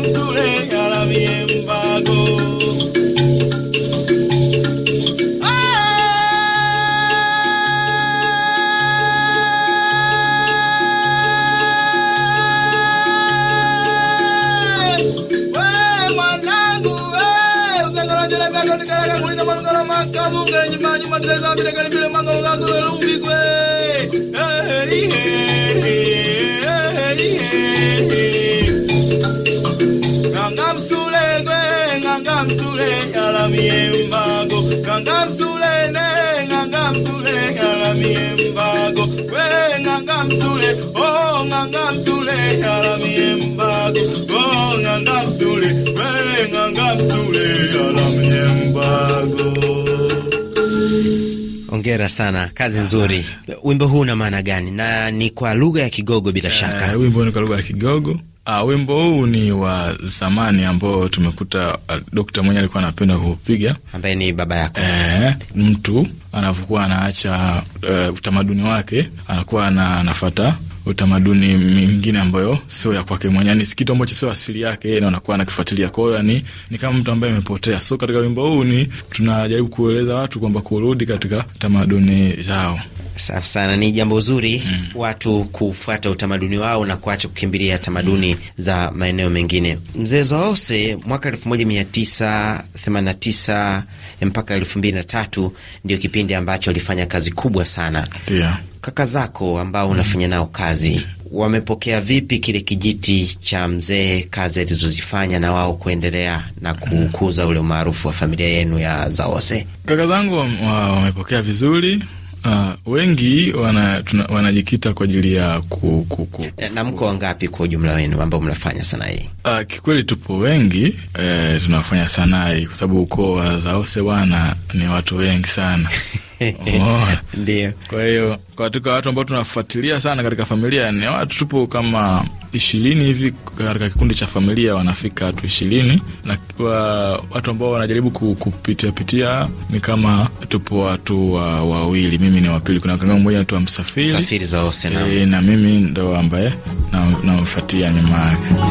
Zuleika, bien vago. Kamu kerja maju mati sampai dengan film msule ngalamie mbago nganga msule ne nganga msule ngalamie mbago we nganga msule oh nganga msule ngalamie mbago oh nganga msule we nganga msule ngalamie mbago Hongera sana, kazi nzuri. Wimbo huu una maana gani? Na ni kwa lugha ya Kigogo bila eh, shaka. Uh, wimbo ni kwa lugha ya Kigogo Uh, wimbo huu ni wa zamani ambao tumekuta uh, dokta mwenye alikuwa anapenda kuupiga, ambaye ni baba yako. Eh, mtu anavyokuwa anaacha uh, utamaduni wake anakuwa anafata utamaduni mingine ambayo sio ya kwake mwenyewe, ni kitu ambacho sio asili yake, na anakuwa anakifuatilia. Kwa hiyo yani ni kama mtu ambaye amepotea. So katika wimbo huu ni tunajaribu kueleza watu kwamba kurudi katika tamaduni zao. Safi sana, ni jambo zuri mm. watu kufuata utamaduni wao na kuacha kukimbilia tamaduni mm. za maeneo mengine. Mzee Zoose mwaka elfu moja mia tisa themanini na tisa mpaka elfu mbili na tatu ndio kipindi ambacho alifanya kazi kubwa sana yeah. Kaka zako ambao mm. unafanya nao kazi wamepokea vipi kile kijiti cha mzee, kazi alizozifanya na wao kuendelea na kukuza ule umaarufu wa familia yenu ya Zaose? Kaka zangu wamepokea vizuri wengi wana, tuna, wanajikita kwa ajili ya ku, ku, ku, eh, na mko wangapi kwa ujumla wenu ambao mnafanya sanaa hii? Uh, kikweli tupo wengi eh, tunafanya sanaa hii kwa sababu ukoo wa Zaose bwana ni watu wengi sana *laughs* Ndio. Kwa hiyo katika watu ambao tunafuatilia sana katika familia ni watu tupo kama ishirini hivi katika kikundi cha familia wanafika watu ishirini na wa, watu ambao wanajaribu kupitia pitia ni kama tupo watu wa, wawili, mimi ni wapili. Kuna kanga mmoja anaitwa Msafiri Msafiri za e, na mimi ndo ambaye namfuatia na nyuma yake.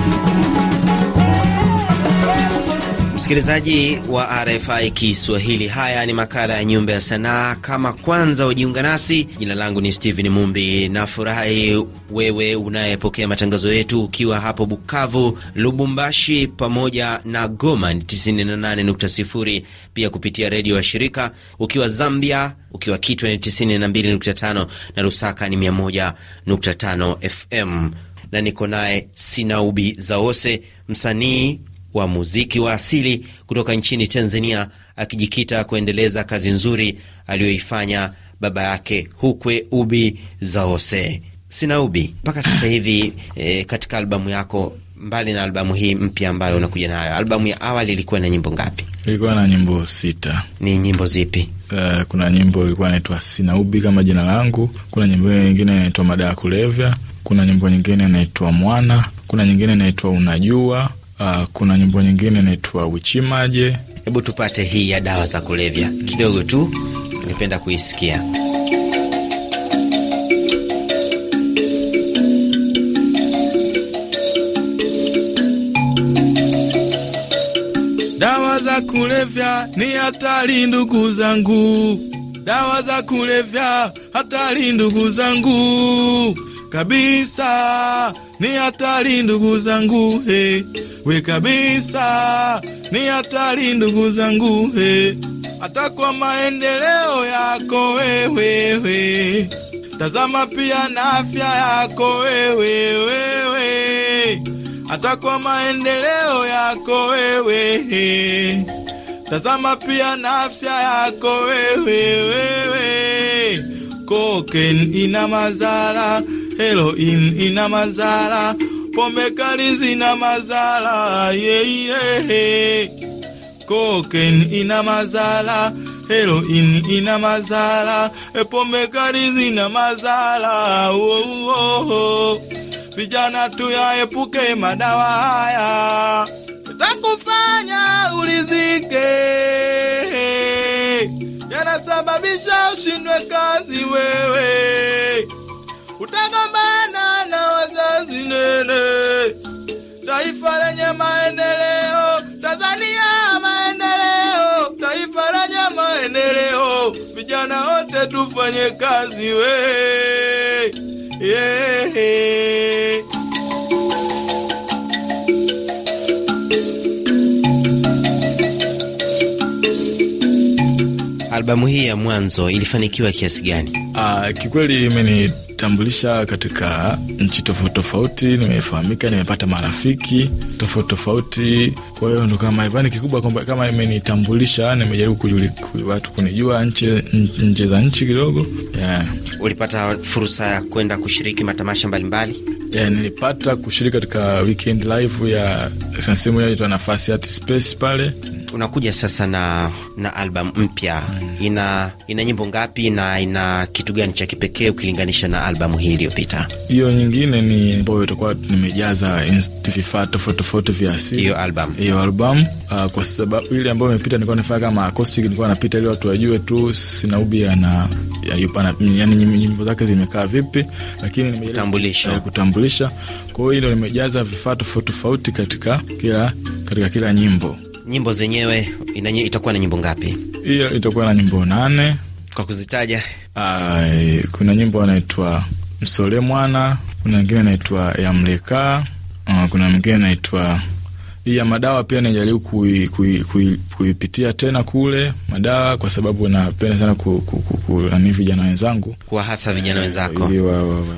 Msikilizaji wa RFI Kiswahili, haya ni makala ya Nyumba ya Sanaa. Kama kwanza ujiunga nasi, jina langu ni Steven Mumbi na furahi wewe unayepokea matangazo yetu ukiwa hapo Bukavu, Lubumbashi pamoja na Goma 98.0, pia kupitia redio wa shirika ukiwa Zambia, ukiwa Kitwe 92.5 na Lusaka ni 101.5 FM na niko naye Sinaubi Zaose, msanii wa muziki wa asili kutoka nchini Tanzania, akijikita kuendeleza kazi nzuri aliyoifanya baba yake Hukwe Ubi Zaose. Sina Ubi, mpaka sasa hivi e, katika albamu yako mbali na albamu hii mpya ambayo unakuja nayo, albamu ya awali ilikuwa na nyimbo ngapi? Ilikuwa na nyimbo sita. Ni nyimbo zipi? Uh, kuna nyimbo ilikuwa inaitwa Ubi kama jina langu, kuna nyimbo nyingine inaitwa Madawa ya Kulevya, kuna nyimbo nyingine inaitwa Mwana, kuna nyingine inaitwa Unajua, Uh, kuna nyimbo nyingine inaitwa Wichimaje. Hebu tupate hii ya dawa za kulevya kidogo tu, ningependa kuisikia. Dawa za kulevya ni hatari, ndugu zangu. Dawa za kulevya hatari, ndugu zangu kabisa ni hatari ndugu zangu he, eh. we kabisa ni hatari ndugu zangu he, eh. hata kwa maendeleo yako wewewe, tazama pia na afya yako wewewewe, hata kwa maendeleo yako wewe, tazama pia na afya yako wewe. Eh. koken ina mazara heroin ina mazala, pombe kali zina mazala, yeye cocaine ina mazala, heroin ina mazala, e pombe kali zina mazala, oh, vijana tuyaepuke madawa haya, takufanya ulizike, yanasababisha ushindwe kazi wewe tufanye kazi we yeah. albamu hii ya mwanzo ilifanikiwa kiasi gani? Ah, kikweli imenitambulisha katika nchi tofauti tofauti, nimefahamika, nimepata marafiki tofauti tofauti. Kwa hiyo ndo kama ivani kikubwa kwamba kama imenitambulisha, nimejaribu watu kunijua nje za nchi kidogo, yeah. Ulipata fursa ya kwenda kushiriki matamasha mbalimbali? Yeah, nilipata kushiriki katika weekend live ya sehemu yaitwa Nafasi Art Space pale unakuja sasa na na albamu mpya mm. ina ina nyimbo ngapi na ina kitu gani cha kipekee ukilinganisha na albamu hii iliyopita? Hiyo nyingine ni ambayo itakuwa nimejaza vifaa tofauti tofauti vya asili, hiyo albamu hiyo albamu uh, kwa sababu ile ambayo imepita nilikuwa nafanya kama acoustic, nilikuwa napita ili watu wajue tu Sinaubi ana yupana, yani nyimbo zake zimekaa vipi, lakini kutambulisha uh, eh, kutambulisha. Kwa hiyo hilo nimejaza vifaa tofauti tofauti katika kila katika kila nyimbo nyimbo zenyewe inanye, itakuwa na nyimbo ngapi? Hiyo itakuwa na nyimbo nane kwa kuzitaja. Ay, kuna nyimbo anaitwa Msole Mwana, kuna ingine anaitwa Yamleka, ah, kuna mwingine anaitwa hii ya madawa pia najaribu kuipitia kui, kui, kui tena kule madawa, kwa sababu napenda sana ku, ku, ku, ku, nani vijana wenzangu, kwa hasa vijana wenzako.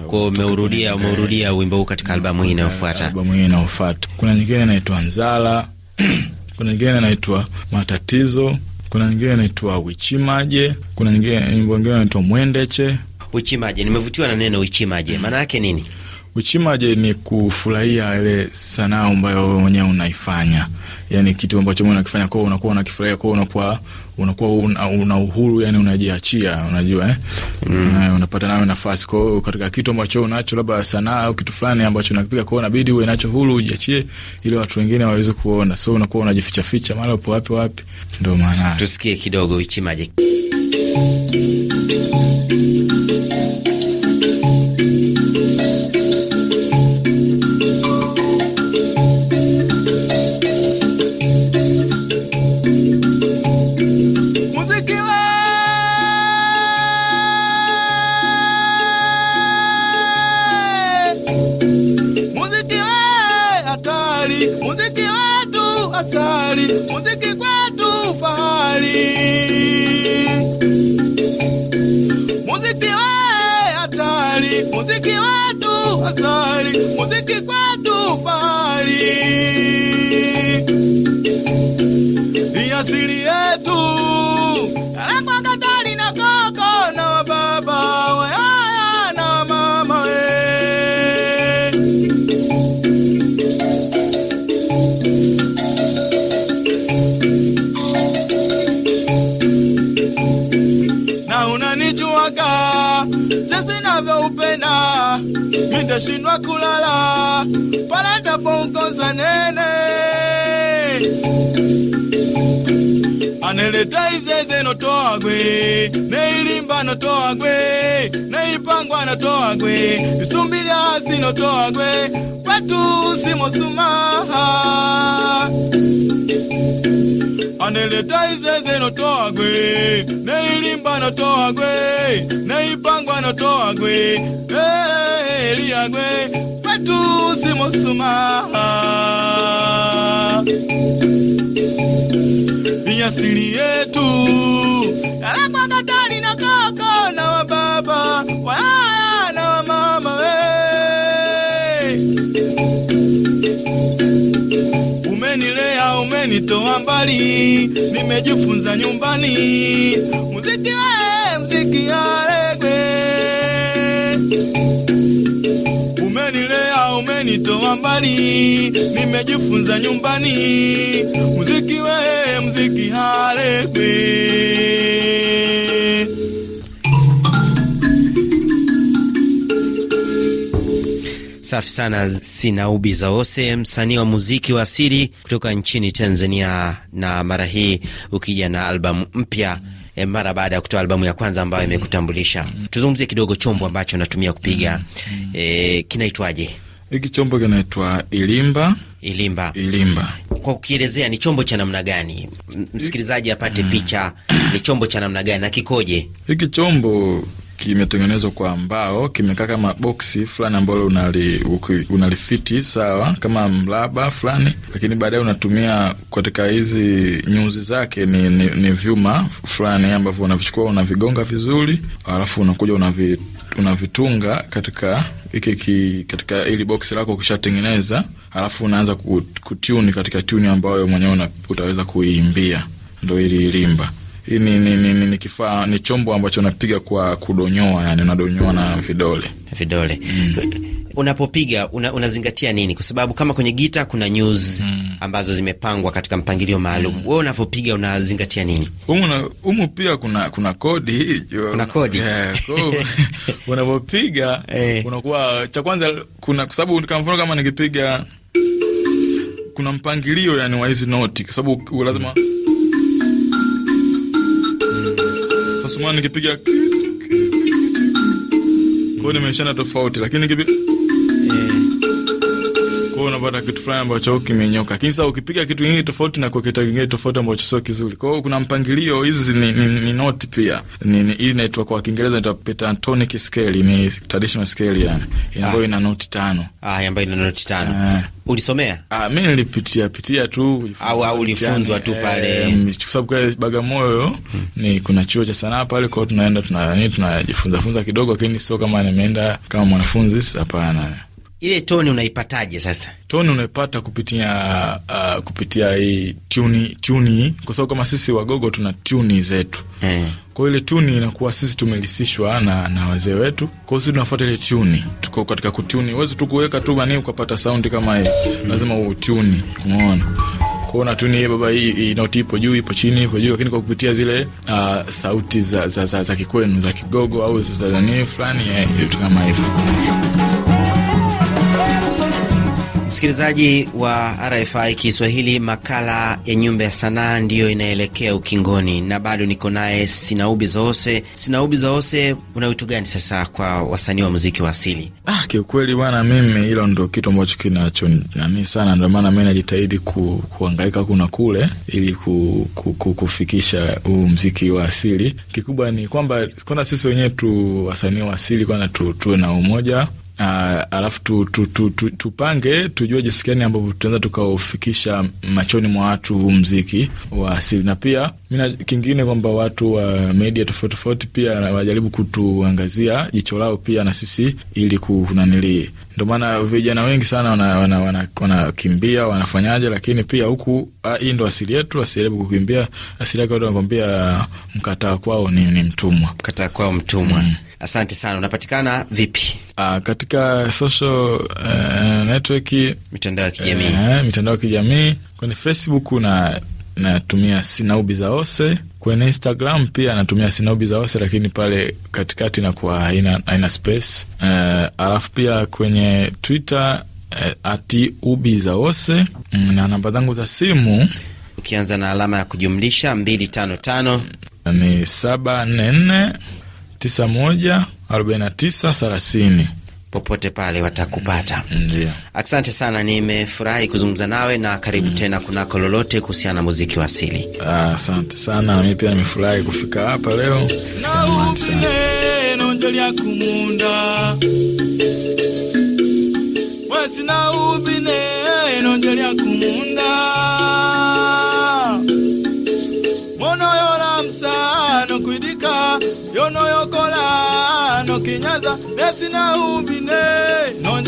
Kwa umeurudia umeurudia wimbo huu katika albamu hii inayofuata, albamu hii inayofuata. Kuna nyingine inaitwa Nzala *clears throat* kuna nyingine anaitwa matatizo, kuna nyingine anaitwa wichimaje, kuna nyingine anaitwa mwendeche. Wichimaje, nimevutiwa na neno wichimaje, mm. maana yake nini? Wichimaje ni kufurahia ile sanaa ambayo wewe mwenyewe unaifanya, yani kitu ambacho mwenyewe unakifanya kwao unakuwa unakifurahia kwao, unakuwa unakuwa una, una uhuru yani unajiachia, unajua eh? mm. Uh, unapata nayo nafasi kwao katika kitu ambacho unacho, labda sanaa au kitu fulani ambacho unakipiga kwao, inabidi uwe nacho huru, ujiachie ili watu wengine waweze kuona, so unakuwa unajificha ficha mara upo wapi wapi. Ndio maana tusikie kidogo Ichimaje. nashindwa kulala pale nitaponkoza nene aneleta izeze notoagwe neilimba notoagwe neipangwa notoagwe isumbilyasi notoagwe kwetu simosumaha aneleta izeze notoagwe neilimba notoagwe neipangwa notoagwe hey. Eh. eliagwe kwetu simosuma inyasili yetu yalekwa na kaka na wababa waya na wamama we umenilea umenitoa mbali nimejifunza nyumbani muziki we muziki we nitoa mbali, nimejifunza nyumbani muziki we muziki harepe Safi sana Sinaubi Zawose, msanii wa muziki wa asili kutoka nchini Tanzania, na mara hii ukija na albamu mpya e, mara baada ya kutoa albamu ya kwanza ambayo imekutambulisha. Tuzungumzie kidogo chombo ambacho natumia kupiga e, kinaitwaje? Hiki chombo kinaitwa ilimba. Ilimba, ilimba kwa kukielezea, ni chombo cha namna gani? Msikilizaji apate hmm. picha, ni chombo cha namna gani na kikoje? Hiki chombo kimetengenezwa kwa mbao, kimekaa kama boksi fulani ambalo unali, unalifiti sawa kama mraba fulani, lakini baadaye unatumia katika hizi nyuzi zake ni, ni, ni vyuma fulani ambavyo unavichukua unavigonga vizuri, alafu unakuja unavi unavitunga katika iki katika ili box lako ukishatengeneza, alafu unaanza kutuni katika tuni ambayo mwenyewe utaweza kuiimbia, ndo ili ilimba. Hii ni, ni, ni, ni kifaa, ni chombo ambacho unapiga kwa kudonyoa, yani unadonyoa na vidole vidole mm unapopiga una, unazingatia nini? Kwa sababu kama kwenye gita kuna nyuzi mm. Mm-hmm. ambazo zimepangwa katika mpangilio maalum mm. wewe unapopiga unazingatia nini? Umu, umu pia kuna kuna kodi hii, kuna kodi yeah, *laughs* unapopiga eh. unakuwa cha kwanza, kuna kwa sababu kama mfano kama nikipiga kuna mpangilio yani wa hizi noti, kwa sababu lazima mm. sasa nikipiga kwa nimeshana tofauti, lakini nikipiga kwa unapata kitu fulani ambacho kimenyoka, lakini sasa ukipiga kitu kingine tofauti na kwa kingine tofauti ambacho sio kizuri. Kwa hiyo kuna mpangilio, hizi ni, ni, ni note pia ni, ni, hii inaitwa kwa Kiingereza inaitwa pentatonic scale, ni traditional scale yani ah. ambayo ina noti tano. Ah, ambayo ina noti tano. Ah. Ulisomea? Ah, mimi nilipitia pitia tu au au ulifunzwa tu eh, pale e, kwa sababu kwa Bagamoyo hmm. ni kuna chuo cha sanaa pale, kwa hiyo tunaenda tuna tunajifunza funza kidogo, lakini sio kama nimeenda kama mwanafunzi, hapana ile toni unaipataje sasa? Toni unaipata kupitia uh, kupitia hii tuni tuni, kwa sababu kama sisi Wagogo tuna tuni zetu eh. Kwa ile tuni inakuwa sisi tumelisishwa na, na wazee wetu, kwa hiyo sisi tunafuata ile tuni, tuko katika kutuni. Huwezi tu kuweka tu mani ukapata saundi kama hii, hmm. Lazima utuni, umeona kuona tu ni baba hii inauti ipo juu ipo chini ipo juu, lakini kwa kupitia zile uh, sauti za, za, za, za kikwenu za Kigogo au za nanii fulani, eh, vitu kama hivyo. Msikilizaji wa RFI Kiswahili, makala ya Nyumba ya Sanaa ndiyo inaelekea ukingoni, na bado niko naye Sinaubi Zaose. Sinaubi Zaose, una wito gani sasa kwa wasanii wa muziki wa asili? Ah, kiukweli bwana, mimi hilo ndo kitu ambacho kinacho nani sana, ndo maana mi najitahidi ku, kuangaika kuna kule ili ku, ku, ku, kufikisha huu mziki wa asili. Kikubwa ni kwamba kwanza sisi wenyewe tu wasanii wa asili, kwanza tuwe na umoja Uh, alafu tu, tu, tu, tu, tupange tujue jinsi gani ambavyo tunaweza tukaufikisha machoni mwa watu huu mziki wa asili, na pia mina kingine kwamba watu wa media tofauti tofauti pia wajaribu kutuangazia jicho lao pia na sisi, ili kunanili. Ndo maana vijana wengi sana wanakimbia wana, wana, wana wanafanyaje, lakini pia huku ah, hii ndo asili yetu, asijaribu kukimbia asili yake. Watu wanakwambia mkataa kwao ni, ni mtumwa, mkataa kwao mtumwa. mm. Asante sana. Unapatikana vipi? Uh, katika social uh, network, mitandao ya kijamii uh, mitandao ya kijamii kwenye Facebook na natumia Sinaubi za Ose. Kwenye Instagram pia natumia Sinaubi za Ose, lakini pale katikati nakuwa haina, haina space uh, alafu pia kwenye Twitter uh, ati ubi za Ose mm, na namba zangu za simu ukianza na alama ya kujumlisha mbili tano tano ni saba nne popote pale watakupata. Asante sana, nimefurahi kuzungumza nawe na karibu mm. tena kunako lolote kuhusiana na muziki wa asili. Asante ah, sana, mi pia nimefurahi kufika hapa leo.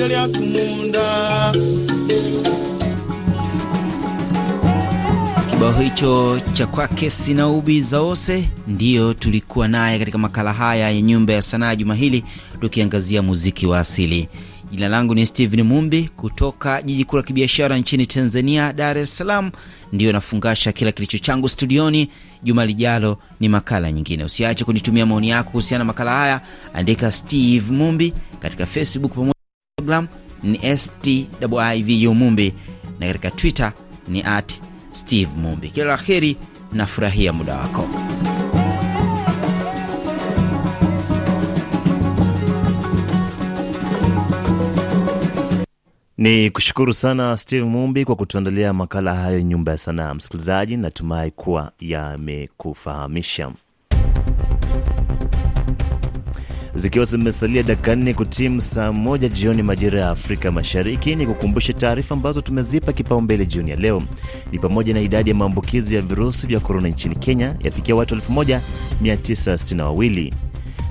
eddya lya kumunda kibao hicho cha kwake Sinaubi Zaose ndiyo tulikuwa naye katika makala haya ya Nyumba ya Sanaa juma hili, tukiangazia muziki wa asili. Jina langu ni Steven Mumbi kutoka jiji kuu la kibiashara nchini Tanzania, Dar es Salaam. Ndiyo nafungasha kila kilicho changu studioni. Juma lijalo ni makala nyingine. Usiache kunitumia maoni yako kuhusiana na makala haya, andika Steve Mumbi katika Facebook pamoja Instagram ni Stivu Mumbi na katika Twitter ni at Steve Mumbi. Kila la heri, nafurahia muda wako. Ni kushukuru sana Steve Mumbi kwa kutuandalia makala hayo, Nyumba ya Sanaa. Msikilizaji, natumai kuwa yamekufahamisha zikiwa zimesalia dakika nne kutimu saa moja jioni majira ya Afrika Mashariki, ni kukumbusha taarifa ambazo tumezipa kipaumbele jioni ya leo ni pamoja na idadi ya maambukizi ya virusi vya korona nchini Kenya yafikia watu 1962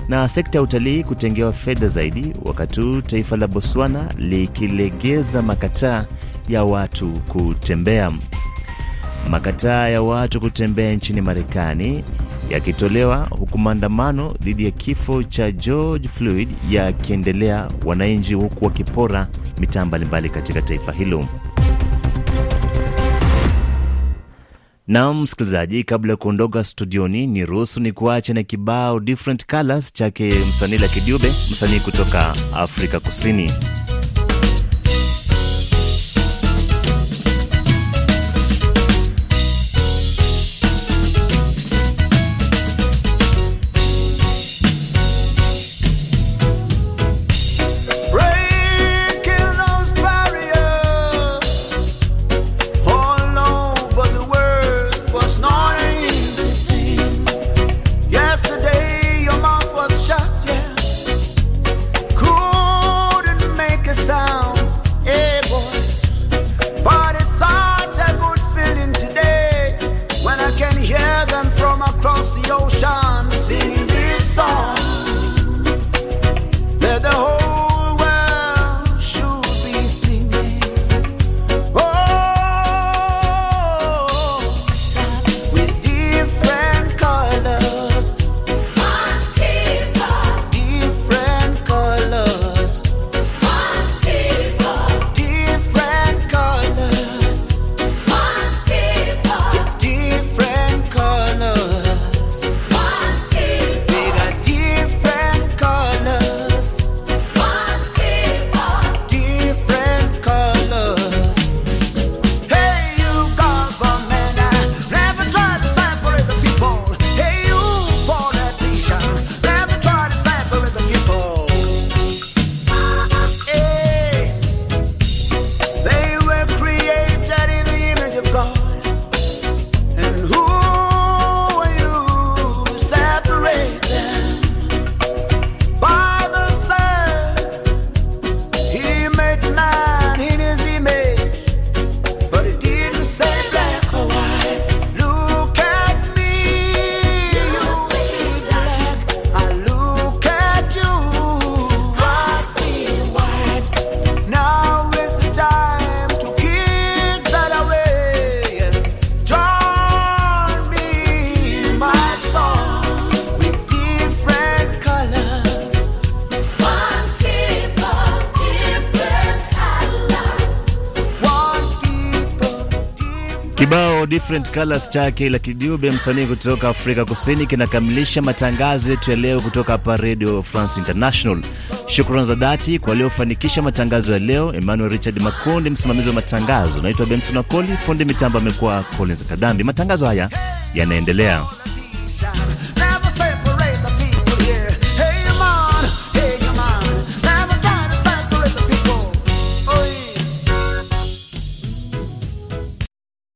na sekta ya utalii kutengewa fedha zaidi, wakati huu taifa la Botswana likilegeza makataa ya watu kutembea. Makataa ya watu kutembea nchini Marekani yakitolewa huku maandamano dhidi ya kifo cha George Floyd yakiendelea, wananchi huku wakipora mitaa mbalimbali katika taifa hilo. Na msikilizaji, kabla ya kuondoka studioni, ni ruhusu ni kuache na kibao Different Colors chake msanii la Kidube, msanii kutoka Afrika Kusini. Colors chake la Kidiube, msanii kutoka Afrika Kusini, kinakamilisha matangazo yetu ya leo kutoka hapa Radio France International. Shukrani za dhati kwa waliofanikisha matangazo ya leo, Emmanuel Richard Makundi, msimamizi wa matangazo. Naitwa Benson Akoli, fundi mitambo amekuwa Collins Kadambi. Matangazo haya yanaendelea.